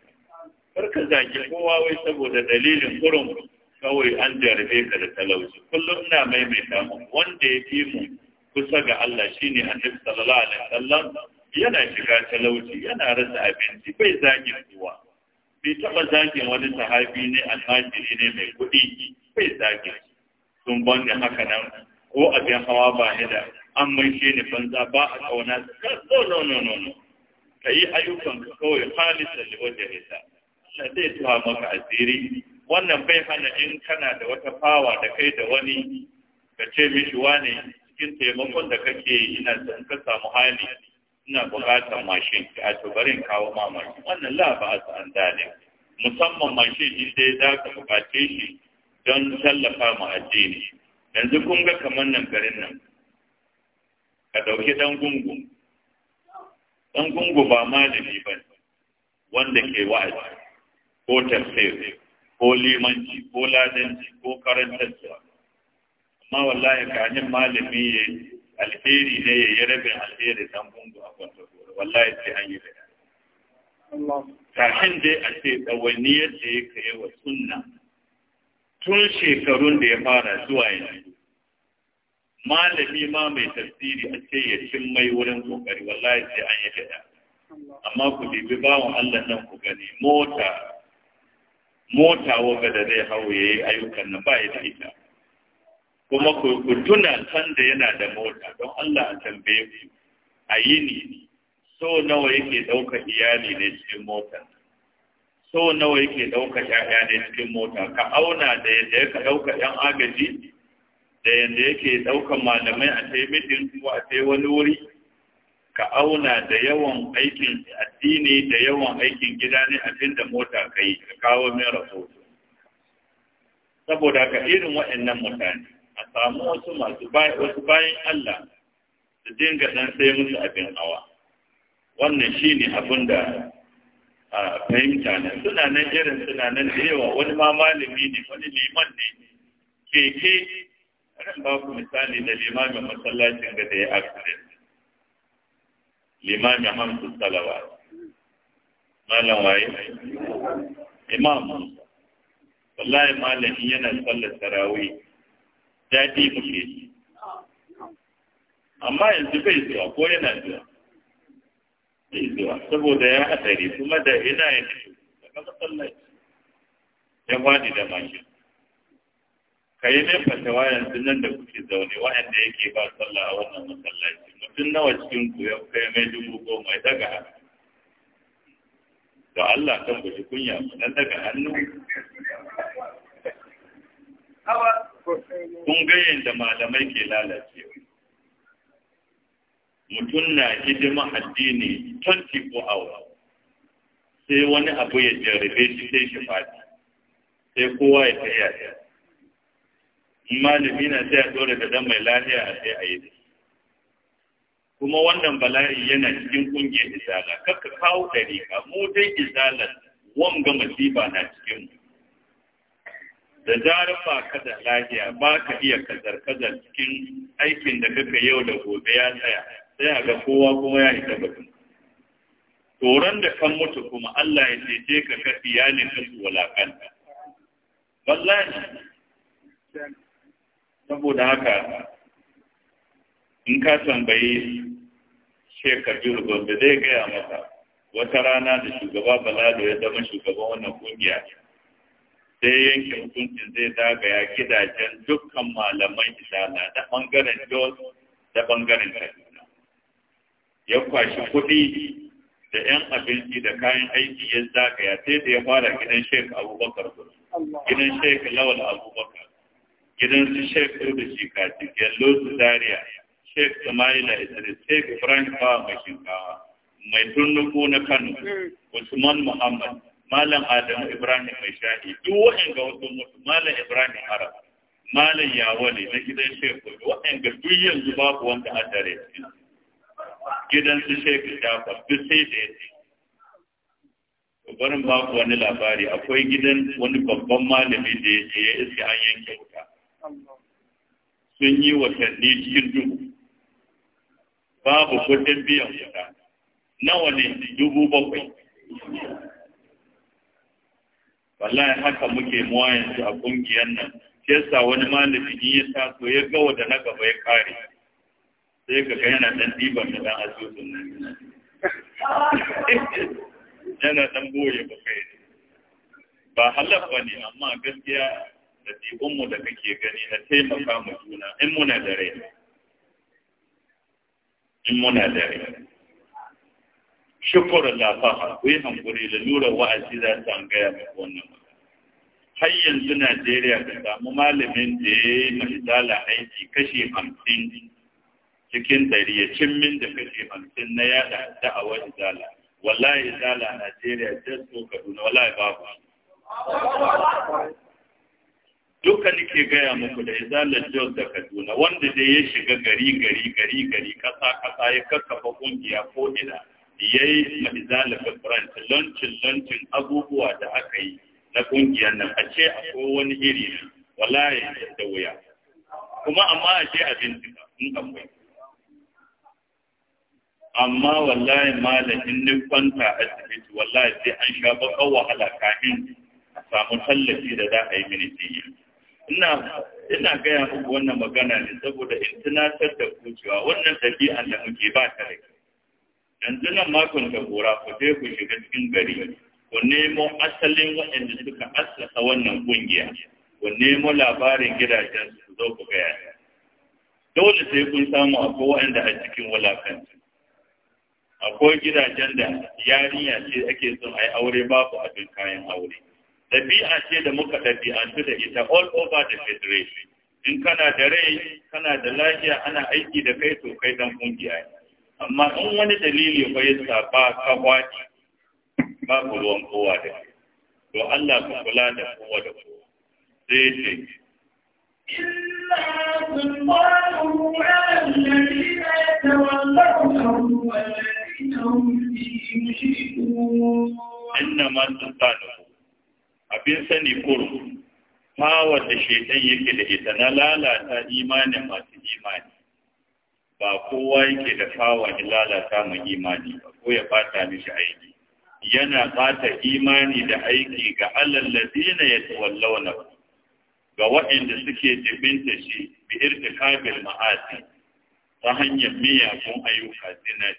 kar ka zaki kowa wai saboda dalilin kurum kawai an jarabe ka da talauci kullum ina maimaita mu wanda ya fi mu kusa ga Allah shine Annabi sallallahu alaihi wasallam yana shiga talauci yana rasa abinci bai zagin kowa bai taɓa zagin wani sahabi ne almajiri ne mai kuɗi bai zagin sun ban haka nan ko abin hawa ba ni da an ni banza ba a ƙauna no no no no no ka yi ayyukan ka kawai halitta da wajen hita Allah zai tuwa maka asiri wannan bai hana in kana da wata fawa da kai da wani ka ce mishi wane cikin taimakon da kake ina son ka samu hali ina buƙatar mashin a to bari in kawo ma mashin wannan la ba su an dale musamman mashin din dai za ka buƙace shi don tallafa mu addini yanzu kun ga kamar nan garin nan ka ɗauki ɗan gungu ɗan gungu ba malami ba wanda ke wa'azi ko tafsir ko limanci ko ladanci ko karantarwa amma wallahi kanin malami ya alheri ne ya yi rabin alheri don bungu a kwanta gora wallahi sai an yi da kafin dai a ce tsawaniyar da ya kai wa sunna tun shekarun da ya fara zuwa yanzu malami ma mai tafsiri a ce ya cin mai wurin kokari wallahi sai an yi da amma ku bibi wa Allah nan ku gani mota mota waga da zai hau ya yi ayyukan nan ba ya da ita kuma ku tuna san da yana da mota don Allah a tambaye ku a ni, so nawa yake ɗauka iyali ne cikin mota? so nawa yake ɗauka ƴaƴa ne cikin mota ka auna da yadda yake ɗauka ƴan agaji da yadda yake ɗauka malamai a tai mitin ko a tai wani wuri ka auna da yawan aikin addini da yawan aikin gida ne a da mota ka yi ka kawo mai rahoto saboda ka irin waɗannan mutane a samu wasu masu wasu bayan Allah su dinga dan sai musu abin hawa wannan shi ne abin da fahimta na suna nan irin suna nan da yawa wani ma malami ne wani liman ne keke ran ba ku misali da limamin masallacin da ya accident limamin hamsu salawa malam waye imam wallahi malam yana sallar tarawih daɗi mu shi amma yanzu bai zuwa ko yana zuwa bai zuwa saboda ya hatsari kuma da ina ya fito daga masallaci ya faɗi da mashin ka yi mai fatawa yanzu nan da kuke zaune waɗanda yake ba sallah a wannan masallaci mutum nawa cikin ku kai mai dubu goma ya daga hannu da Allah kan ku kunya nan daga hannu kun ga yadda malamai ke lalacewa mutum na hidima addini 24 hours sai wani abu ya jarabe shi sai shi fadi sai kowa ya tafi yaya malami na sai a dole da dan mai lafiya a sai a yi da kuma wannan bala'i yana cikin kungiyar izala kakka kawo ɗari ka mu dai izalar wanga masifa na cikin mu da zarar ba ka da lafiya ba ka iya kazar-kazar cikin aikin da kaka yau da gobe ya tsaya sai ga kowa kuma ya isa batun toron da kan mutu kuma Allah ya ce ka kafi ya ne su walakanta wallahi saboda haka in ka tambayi shekaru gobe zai gaya maka wata rana da shugaba balado ya zama shugaban wannan kungiya sai yanke hukunci zai zagaya gidajen dukkan malaman na da ɓangaren jos da ɓangaren kaduna ya kwashi kuɗi da yan abinci da kayan aiki ya zagaya sai da ya fara gidan sheik abubakar gidan sheik lawal abubakar gidan su sheik da shikati yallo su zaria sheik samaila idris sheik Frank bawa mai shinkawa mai tunnuku na kano hmm. usman muhammad malam adamu ibrahim mai shahi duk ga wasu mutu malam ibrahim arab malam yawale na gidan shekul ga duk yanzu babu wanda a tare gidan su shekul shafa duk sai da ya ce barin babu wani labari akwai gidan wani babban malami da ya je ya iske an yanke wuta sun yi watanni cikin duhu babu kudin biyan wuta nawa ne dubu bakwai wallahi haka muke muwa yanzu a kungiyar nan shi yasa wani malami in ya taso ya ga wanda na gaba ya kare sai ka ga yana dan diban da dan asusun nan yana dan boye ba kai ba halafa ne amma gaskiya da mu da kake gani na taimaka mu juna in muna da rai in muna da rai shukurar lafafa ku yi hankuri da Nura wa'azi za ta an gaya muku wannan har yanzu Najeriya ka samu malamin da ya yi mahitala aiki kashe hamsin cikin dari ya cimmin da kashe hamsin na yada a da'awar izala wallahi izala Najeriya just so Kaduna wallahi babu duka nake gaya muku da izalar jos da kaduna wanda dai ya shiga gari gari gari gari kasa kasa ya kakkafa kungiya ko ina ya yi mahizalin conference lancin lancin abubuwa da aka yi na ƙungiyar nan a ce akwai wani iri ne wallahi da wuya kuma amma a ce abin in akwai amma wallahi malamin ni kwanta a asibiti wallahi sai an sha bakar wahala kafin a samu tallafi da za a yi mini jiya ina ina gaya muku wannan magana ne saboda in tunatar da ku wannan ɗabi'an da muke ba ta rike yanzu nan makon da kora ku sai ku shiga cikin gari ku nemo asalin waɗanda suka asasa wannan kungiya ku nemo labarin gidajen su zo ku gaya dole sai kun samu akwai waɗanda a cikin wulakanci akwai gidajen da yarinya ce ake son a yi aure babu abin kayan aure ɗabi'a ce da muka ɗabi'antu da ita all over the federation in kana da rai kana da lafiya ana aiki da kai to kai dan kungiya ne amma in wani dalili ba ya saba ka kwaci babu ruwan kowa da to Allah ka kula da kowa da kowa sai ce Inna سُلْطَانُهُ عَلَى الَّذِينَ abin sani kuru, fawar da shaitan yake da ita na lalata imanin masu imani. ba kowa yake da fawa lalata mu imani ba ko ya fata mishi aiki yana fata imani da aiki ga ladina yatawallawna ga waɗanda suke jibinta shi bi irtikabil ma'asi ta hanyar miyagun ayyuka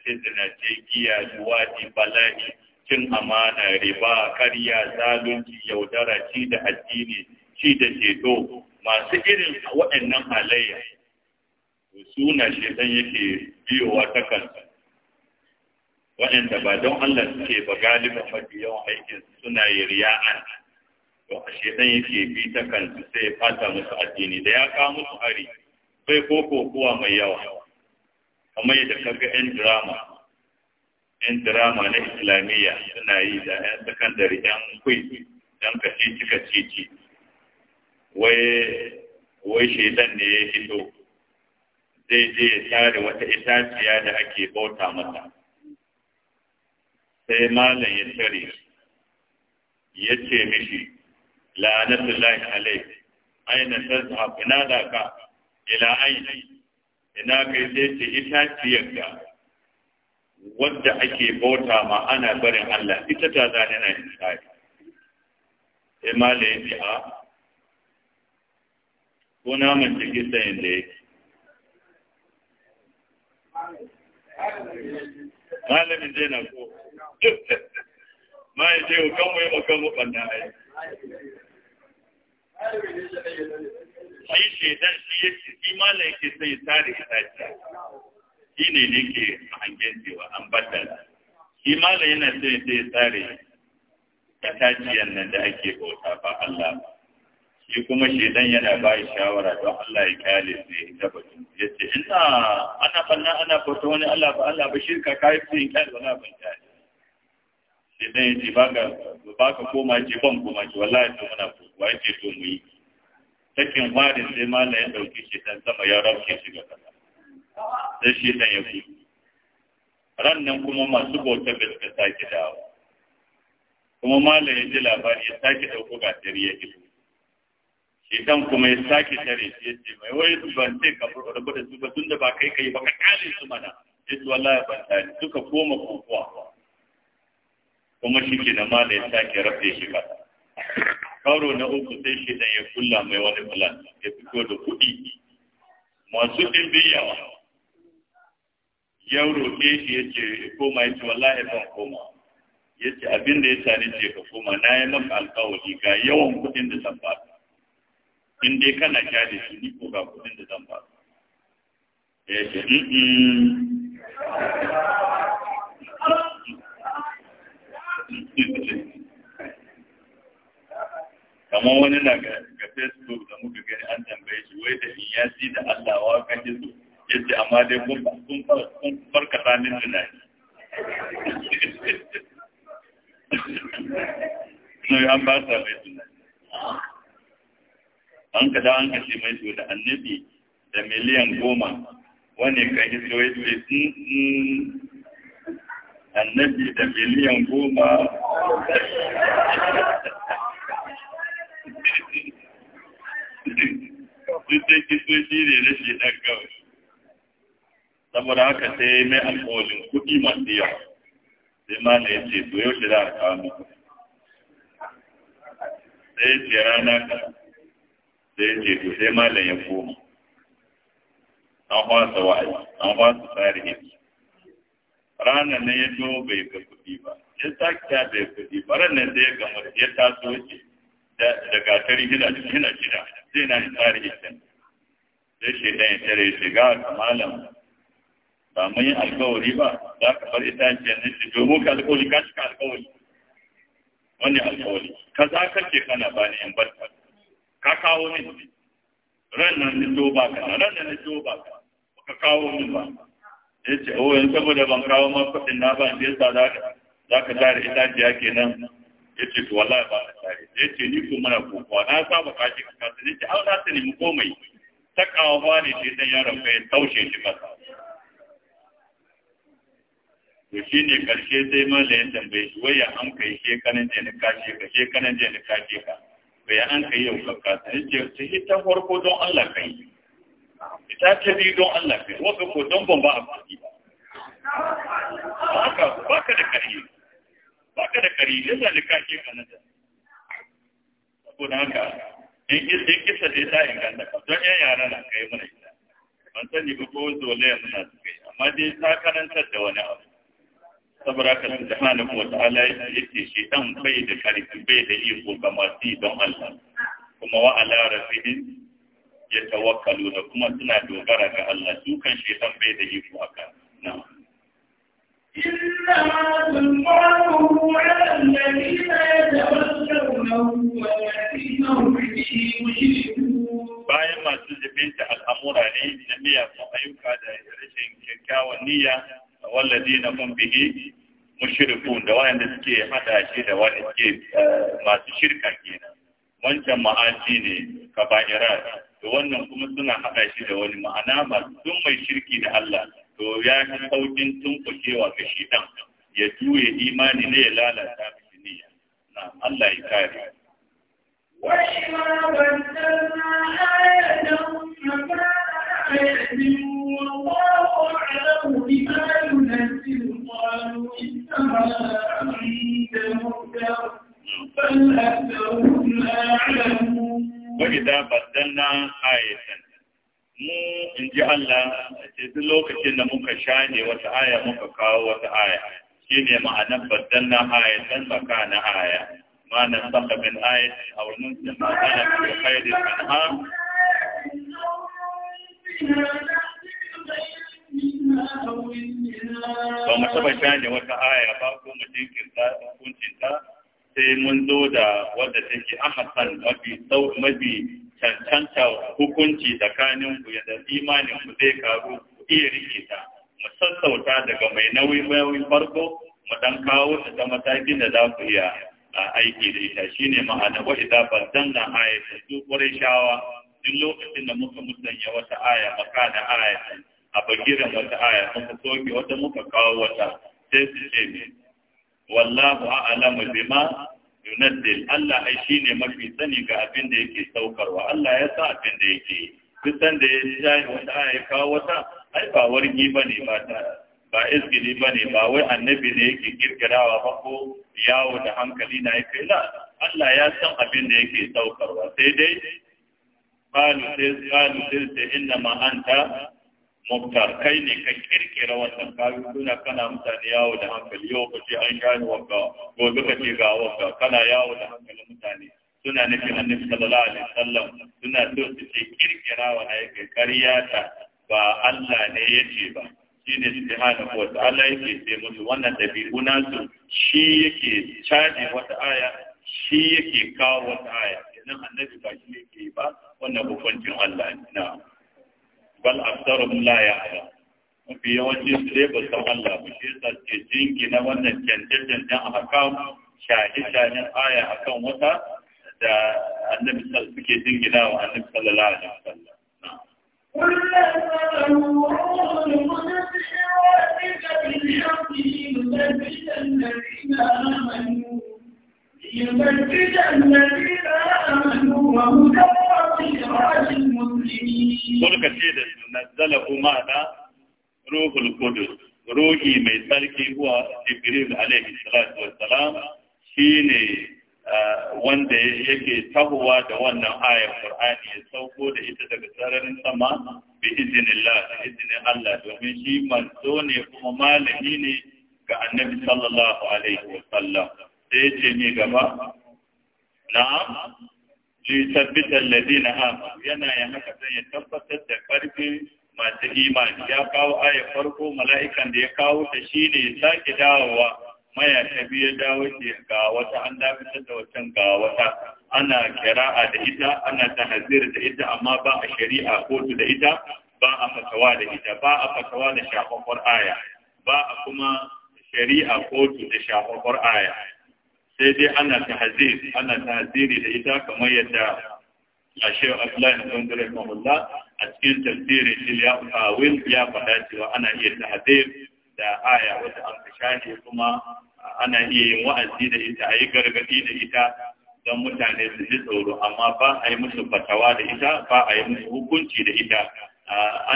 dina ce giya duwadi bala'i cin amana riba karya zalunci yaudara ci da addini ci da ceto masu irin waɗannan halayya suna shedan yake biyowa ta kansa waɗanda ba don Allah suke ba galibin mafi yawan aikin suna yi riya'an to a shedan yake bi ta kansu sai ya fata musu addini da ya kawo musu hari sai ko kokowa mai yawa kamar yadda ga yan drama yan drama na islamiyya suna yi da yan sakandare yan kwai don kacici kacici wai wai shedan ne ya fito zai je ya tare wata itaciya da ake bauta mata sai malam ya tare ya ce mishi la'anatullahi alaik aina tazhab ina da ka ila aini ina kai sai ce itaciyar ga wadda ake bauta ma ana barin Allah ita ta zane na insari sai malam ya ce a ko naman cikin sayin da yake malamin zai na ko ma yi ce kan mu yi makan mu ɓanna ai shi shaidan shi yake shi malam yake sai tare tsaki, shi ne ne ke hangen cewa an bata shi malam yana sai sai tare tsakiyar nan da ake bauta ba Allah ba shi kuma shedan yana ba shi shawara don Allah ya kyale su ya ita batu ya ce ina ana fanna ana fata wani Allah ba Allah ba shirka ka fi yin kyale wala ban kyale shedan ya ce ba ka koma ce ban koma ce wallahi to muna kokuwa ya ce to mu yi sakin warin sai mala ya ɗauki shedan sama ya rauke shi ga kasa sai shedan ya fi ran nan kuma masu bautar da suka sake dawo kuma Malam ya ji labari ya sake dauko gatari ya fito Idan kuma ya sake tare shi ya ce mai wai ban sai ka rabu da su ba tunda ba kai kai ba ka kare su mana ya ce wallahi ban tare suka koma kokowa kuma shi ke da mala ya sake rafe shi kasa karo na uku sai shi dan ya kulla mai wani plan ya fito da kuɗi masu ɗimbin yawa ya roƙe shi ya ce koma ya ce wallahi ban koma ya ce abin da ya sani ce ka koma na yi maka alƙawari ga yawan kuɗin da zan ba in dai kana kya da shi ni ko ga kudin da zan ba su ya ce kamar wani na ga facebook da muka gani an tambaye shi wai da in ya da allah wa kan ji ya ce amma dai kun farka tsanin tunani Noi an ba sa mai an ka da an ka ce mai to da annabi da miliyan goma wani kan yi so ya ce mm, mm, annabi da miliyan goma duk da shi ne na shi ɗan gawa saboda haka sai mai alkawalin kuɗi masu yawa sai ma na yi ce to yau shi za a kawo sai ce rana kawo sai ce to sai malam ya koma an fasa wa'azi an fasa tarihi ranar ne ya zo bai ga kuɗi ba ya sake ta bai kuɗi ba ranar sai ya gama ya taso ce da gatari hina hina shida Zai na yi tarihi can sai shaidan ya tare shi shiga ga malam ba mun yi alkawari ba za ka bar ce ne shi domin ka alkawari ka cika alkawari wani alkawari ka za ka ce kana bani in barka ka kawo min ran nan ni to ba ka ran nan ni to ba ka ka kawo min ba e ce o oh, yanzu saboda ban kawo ma kuɗin na ba ne da za ka za ka ji yake kenan e ce to wallahi ba ka tare ya ce ni ko mana ko na saba kaji ka kasa ni ce au na ta mu komai ta kawo ba ne ce dan yaron kai taushe shi kasa to shi ne karshe sai malayin tambaye shi wai ya amka shekanan je ni kashe ka shekanan je ni kashe ka da ya kai yau kakka ta yake ta yi ta farko don Allah kan yi ita ta bi don Allah kan yi ko don ban ba a kuɗi ba haka ka da kari ba ka da kari kana da ka ke ka nata saboda haka in kisa da ta inganta ka don yan yara na kai mana ita ban sani ba ko dole ya muna su kai amma dai ta karantar da wani abu saboda haka subhanahu wa ta'ala yake shi dan bai da karfi bai da iko ga masu yi don Allah kuma wa ala rabbihim da kuma suna dogara ga Allah su kan shi dan bai da iko haka na'am إنما المعروف على الذين يتولونه والذين هم به مشركون bayan masu zubinta al'amura ne na sun ayyuka da rashin kyakkyawan niyya wallazi na kun bihi mushrikun da wanda suke hada shi da wanda suke masu shirka kenan wancan ma'aji ne kaba'irat to wannan kuma suna hada shi da wani ma'ana masu sun mai shirki da Allah to ya fi saukin tunkushewa ga shi dan ya juye imani ne ya lalata shi ne na Allah ya kare وَإِذَا بَدَّلْنَا آيَةً مَّكَانَ آيَةٍ وَاللَّهُ أَعْلَمُ بِمَا قالوا إنما أمري mu in ji Allah lokacin da muka shaje wata aya muka kawo wata aya shi ne ma'anar na aya san tsaka na aya ma na saka aya a wurin da ma kana da khairin min ha ba mu taba shaje wata aya ba ko mu jinkirta hukuncinta sai mun zo da wadda take ahasan mafi mafi cancanta hukunci tsakanin ku yadda imanin ku zai karu iya rike ta mu sassauta daga mai nauyi mai farko mu dan kawo ta ta matakin da za ku iya aiki da ita shine ma'ana wa idza badanna ayatan su qurayshawa duk lokacin da muka musanya wata aya makana ayatan a bagiran wata aya sun ka soke wata muka kawo wata sai su ce ne wallahu a'lamu bima yunaddil Allah ai shine mafi sani ga abin da yake saukarwa Allah ya sa abin da yake duk da ya jaye wata aya ya kawo wata ai ba wargi bane ba ta ba izgili bane ba wai annabi ne yake kirkirawa ba ko yawo da hankali na yake la Allah ya san abin da yake saukarwa sai dai qalu sai qalu sai inna ma anta muktar kai ne ka kirkira wannan kayan suna kana mutane yawo da hankali yau ka ce an gane wanka gobe ka ce ga wanka kana yawo da hankali mutane suna nufin annabi sallallahu alaihi wasallam suna so su ce kirkira wa na yake kariya ta ba Allah ne ya ce ba shi ne subhanahu wa Allah yake ce musu wannan dabi'u nasu shi yake caje wata aya shi yake kawo wata aya idan annabi ba shi yake ba wannan hukuncin Allah ne na'am bal aktarun la ya'lam mafi yawanci su dai ba san Allah ba shi yasa ke jinki na wannan canje-canjen a kan shahi-shahin aya a kan wata da annabi suke jingina wa annabi sallallahu alaihi wasallam كل ليمجد الذين آمنوا وهدى وبشرى للمسلمين قل كثير نزله معنا روح القدس روحي mai tsarki huwa Jibril alaihi salatu wassalam ne wanda yake tahowa da wannan ayar Qur'ani ya sauko da ita daga sararin sama bi iznillah da Allah domin shi manzo ne kuma malami ne ga Annabi sallallahu alaihi wasallam ya ce ne gaba na'am li tabbita na amanu yana ya haka zan ya tabbatar da ƙarfi masu imani ya kawo ayyar farko mala'ikan da ya kawo ta shi ya sake dawowa maya ta biya dawo ce ga wata an dakatar da wacan ga wata ana kira a da ita ana hazir da ita amma ba a shari'a kotu da ita ba a fasawa da ita ba a fasawa da shafafar aya ba a kuma shari'a kotu da shafafar aya sai dai ana tahzir ana da ita kamar yadda Ashe Abdullahi Ibn Dare Mahullah a cikin tafsirin shi ya fawil ya faɗa cewa ana iya tahzir da aya wata an kuma ana iya yin wa'azi da ita a yi gargaɗi da ita don mutane su ji tsoro amma ba a yi musu fatawa da ita ba a yi musu hukunci da ita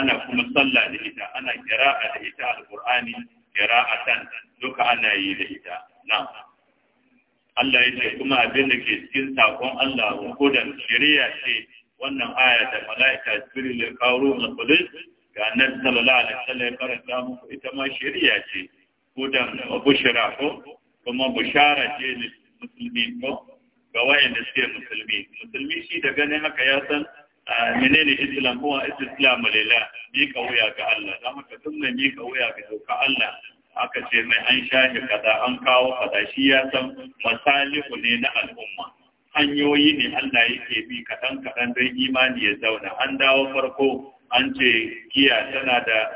ana kuma sallah da ita ana kira'a da ita alƙur'ani kira'atan duka ana yi da ita na'am Allah ya ce kuma abin da ke cikin sakon Allah ko hukudan shari'a ce wannan aya da mala'ika Jibril ya kawo na Qudus ga Annabi sallallahu alaihi wasallam ya karanta muku ita ma shari'a ce hudan wa bushra ko kuma bushara ce ne musulmi ko ga wayanda suke musulmi musulmi shi da ganin haka ya san menene Islam ko Islam lillah mika wuya ga Allah dan haka tun mai mika wuya ga doka Allah aka ce mai an shafe kaza an kawo kaza shi ya san masalihu ne na al'umma hanyoyi ne Allah yake bi kaɗan kaɗan don imani ya zauna an dawo farko an ce giya tana da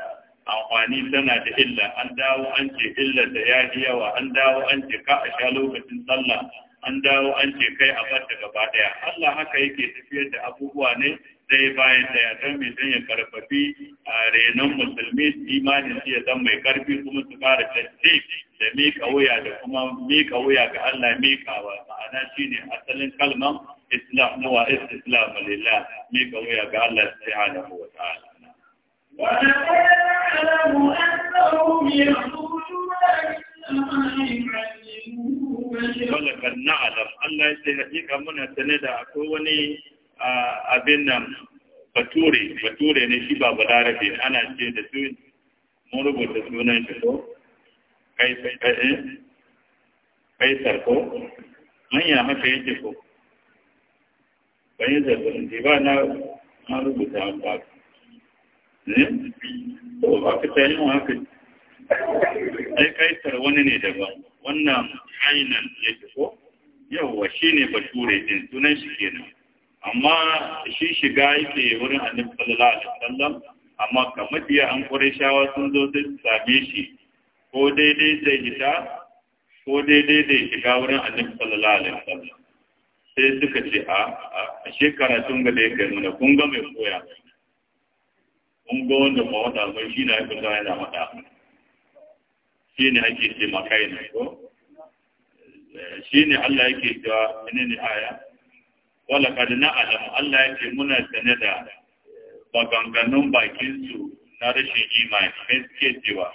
amfani tana da illa an dawo an ce illa da ya yawa an dawo an ce ka a sha lokacin sallah an dawo an ce kai a bar da gaba ɗaya Allah haka yake tafiyar da abubuwa ne Sai bayan ɗaya don mai ya karfafi a renon musulmi imanin su ya mai karfi kuma su fara tattif da miƙa wuya da kuma miƙa wuya ga Allah miƙawa ma'ana shine asalin kalman islam wa islam lillah miƙa wuya ga Allah subhanahu wa ta'ala ولقد نعلم أنهم ya ولقد نعلم muna sane da akwai wani. abin nan bature bature ne shi ba balarabe ana ce da su mun rubuta sunan shi ko kai kai eh? manya haka yake ko bayan zargin da ba na an rubuta ba ne eh? to ba ka tayi mu haka ai kai sar wani ne daban wannan hainan yake ko yawwa shine bature din sunan shi kenan amma shi shiga yake wurin annabi sallallahu alaihi wasallam amma kamar da an Qurayshawa sun zo sai su same shi ko daidai da hita ko daidai da shiga wurin annabi sallallahu alaihi wasallam sai suka ce a a shekara tun ga dai kai mana kun ga mai koya kun ga wanda ba wata ba shi na yi da yana mata shi ne ake ce makai ne ko eh, shi ne Allah yake cewa ne aya wala na alamu Allah ya ce muna sane da maganganun bakin su na rashin imani me suke cewa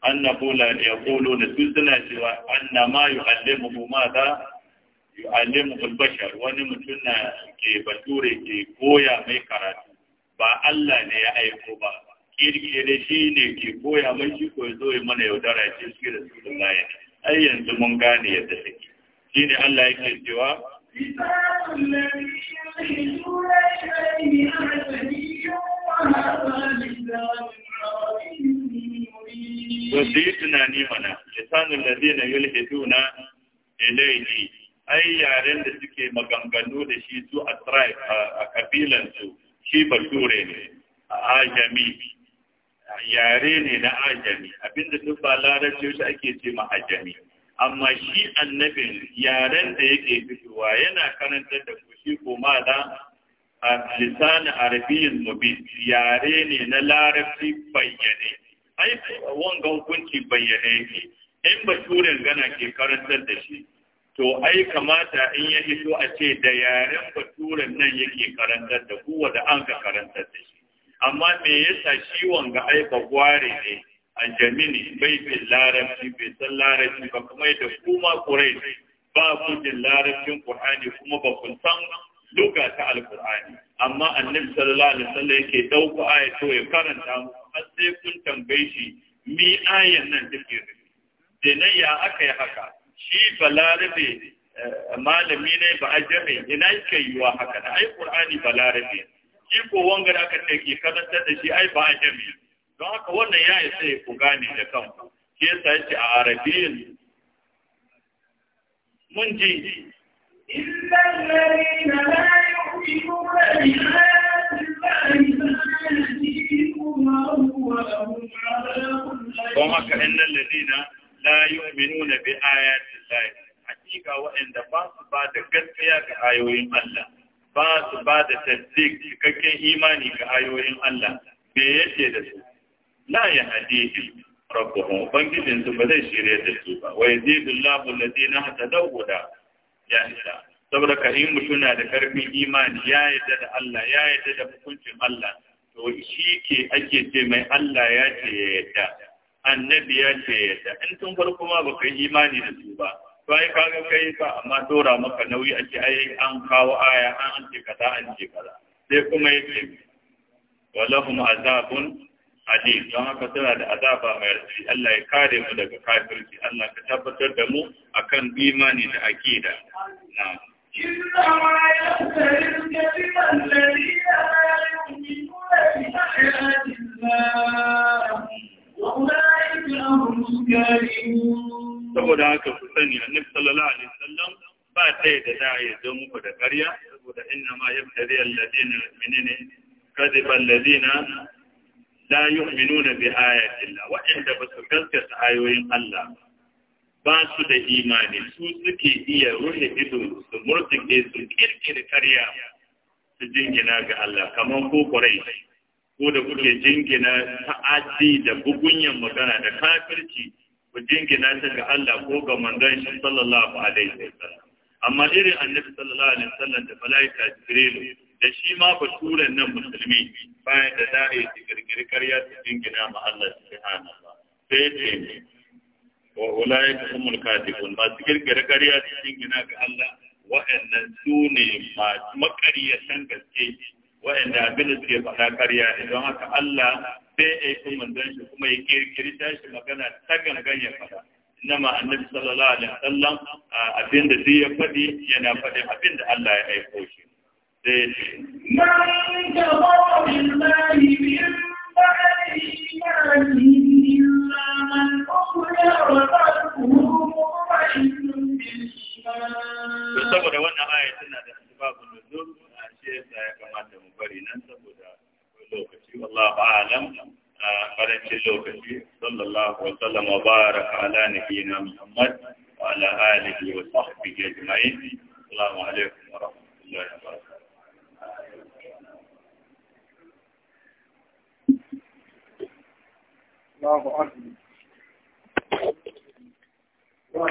annabu la yaqulu na su suna cewa anna ma ma da yu'allimuhu al-bashar wani mutum na ke bature ke koya mai karatu ba Allah ne ya aiko ba kirkire shi ne ke koya mai shi ko zo ya mana yaudara ya ce shi da su da ai yanzu mun gane yadda take ne Allah yake cewa كتاب الذين يلحدون إليه أعجمي وهذا لسان عربي مبين. tunani mana, lisanin lazina yulhiduna ilaihi ai yaren da suke maganganu da shi su a tribe a kabilansu shi bature ne a ajami yare ne na ajami abinda duk ba larabci shi ake ce ma ajami amma shi annabin yaren da yake fitowa yana karantar da ku shi koma da a lisanin arabiyyin mubin yare ne na larabci bayyane ai wanga hukunci bayyane yake in baturen gana ke karantar da shi to ai kamata in ya hito a ce da yaren baturen nan yake karantar da ku wanda an ka karantar da shi amma me yasa shi wanga ai bagware ne aljamini bai bin larabci bai san larabci ba kuma yadda kuma kurai ba ku jin larabcin qur'ani kuma ba kun san luga ta alqur'ani amma annabi sallallahu alaihi wasallam yake dauko aya to ya karanta mu har sai kun tambaye shi mi ayan nan take Da na ya aka yi haka shi balarabe eh, malami ne ba ajame ina yake yiwa haka ai qur'ani balarabe shi ko wanga da aka ce ke karanta da shi ai ba ajame don haka wannan ya yi isa ku gane da kanku shi yasa yace a arabiyin mun ji إلا الذين لا يؤمنون بآيات الله Kuma ka innan ladina la yu'minuna bi ayati Allah hakika waɗanda ba su ba da gaskiya ga ayoyin Allah ba su ba da tasdik cikakken imani ga ayoyin Allah me yake da su la ya hadihi rabbuhum ubangijin su ba zai shirye da su ba wa yazidu Allahu alladhina hadawuda ya isa saboda ka suna da karfin imani ya yadda da Allah ya yadda da hukuncin Allah to shi ke ake ce mai Allah ya ce ya yadda annabi ya ce yadda in tun farko ma baka yi imani da su ba to ai kaga kai ba amma dora maka nauyi a ce, ai an kawo aya an ce kaza an ce kaza sai kuma yace walahum azabun alim don haka suna da azaba mai rafi Allah ya kare mu daga kafirci Allah ka tabbatar da mu akan imani da akida na saboda haka ku sani annabi sallallahu alaihi wasallam ba ta da za a yi zo muku da ƙarya saboda inna ma yabtari alladina minene kadiba alladina la yu'minuna bi ayatillah waɗanda ba su gaskata ayoyin Allah ba su da imani su suke iya rufe ido su murtike, su kirkire karya su jingina ga Allah kamar ko kurai ko da kuke jingina ta'addi da bugunyan magana da kafirci ku jingina ta ga Allah ko ga manzon shi sallallahu alaihi wasallam amma irin annabi sallallahu alaihi wasallam da malaika jibrilu da shi ma shuren nan musulmi bayan da za a yi su kirkiri karya su jingina ma Allah ba sai ya ce ne wa ulai ka umul kadibun masu kirkiri karya su jingina ga Allah wa'annan su ne masu makaryatan gaske wa'anda abin da suke faɗa karya ne don haka Allah sai ya yi manzon shi kuma ya kirkiri shi magana ta gangan ya faɗa nama annabi sallallahu alaihi wasallam abin da zai ya faɗi yana faɗi abin da Allah ya aiko shi sai ya wa qalbuhu wannan aya tana da sababun nuzul a ya kamata mu bari nan saboda lokaci wallahu a'lam karancin lokaci sallallahu wa sallam baraka ala nabiyina Muhammad wa ala alihi wa sahbihi ajma'in assalamu alaikum wa rahmatullahi wa barakatuh Allahu Akbar.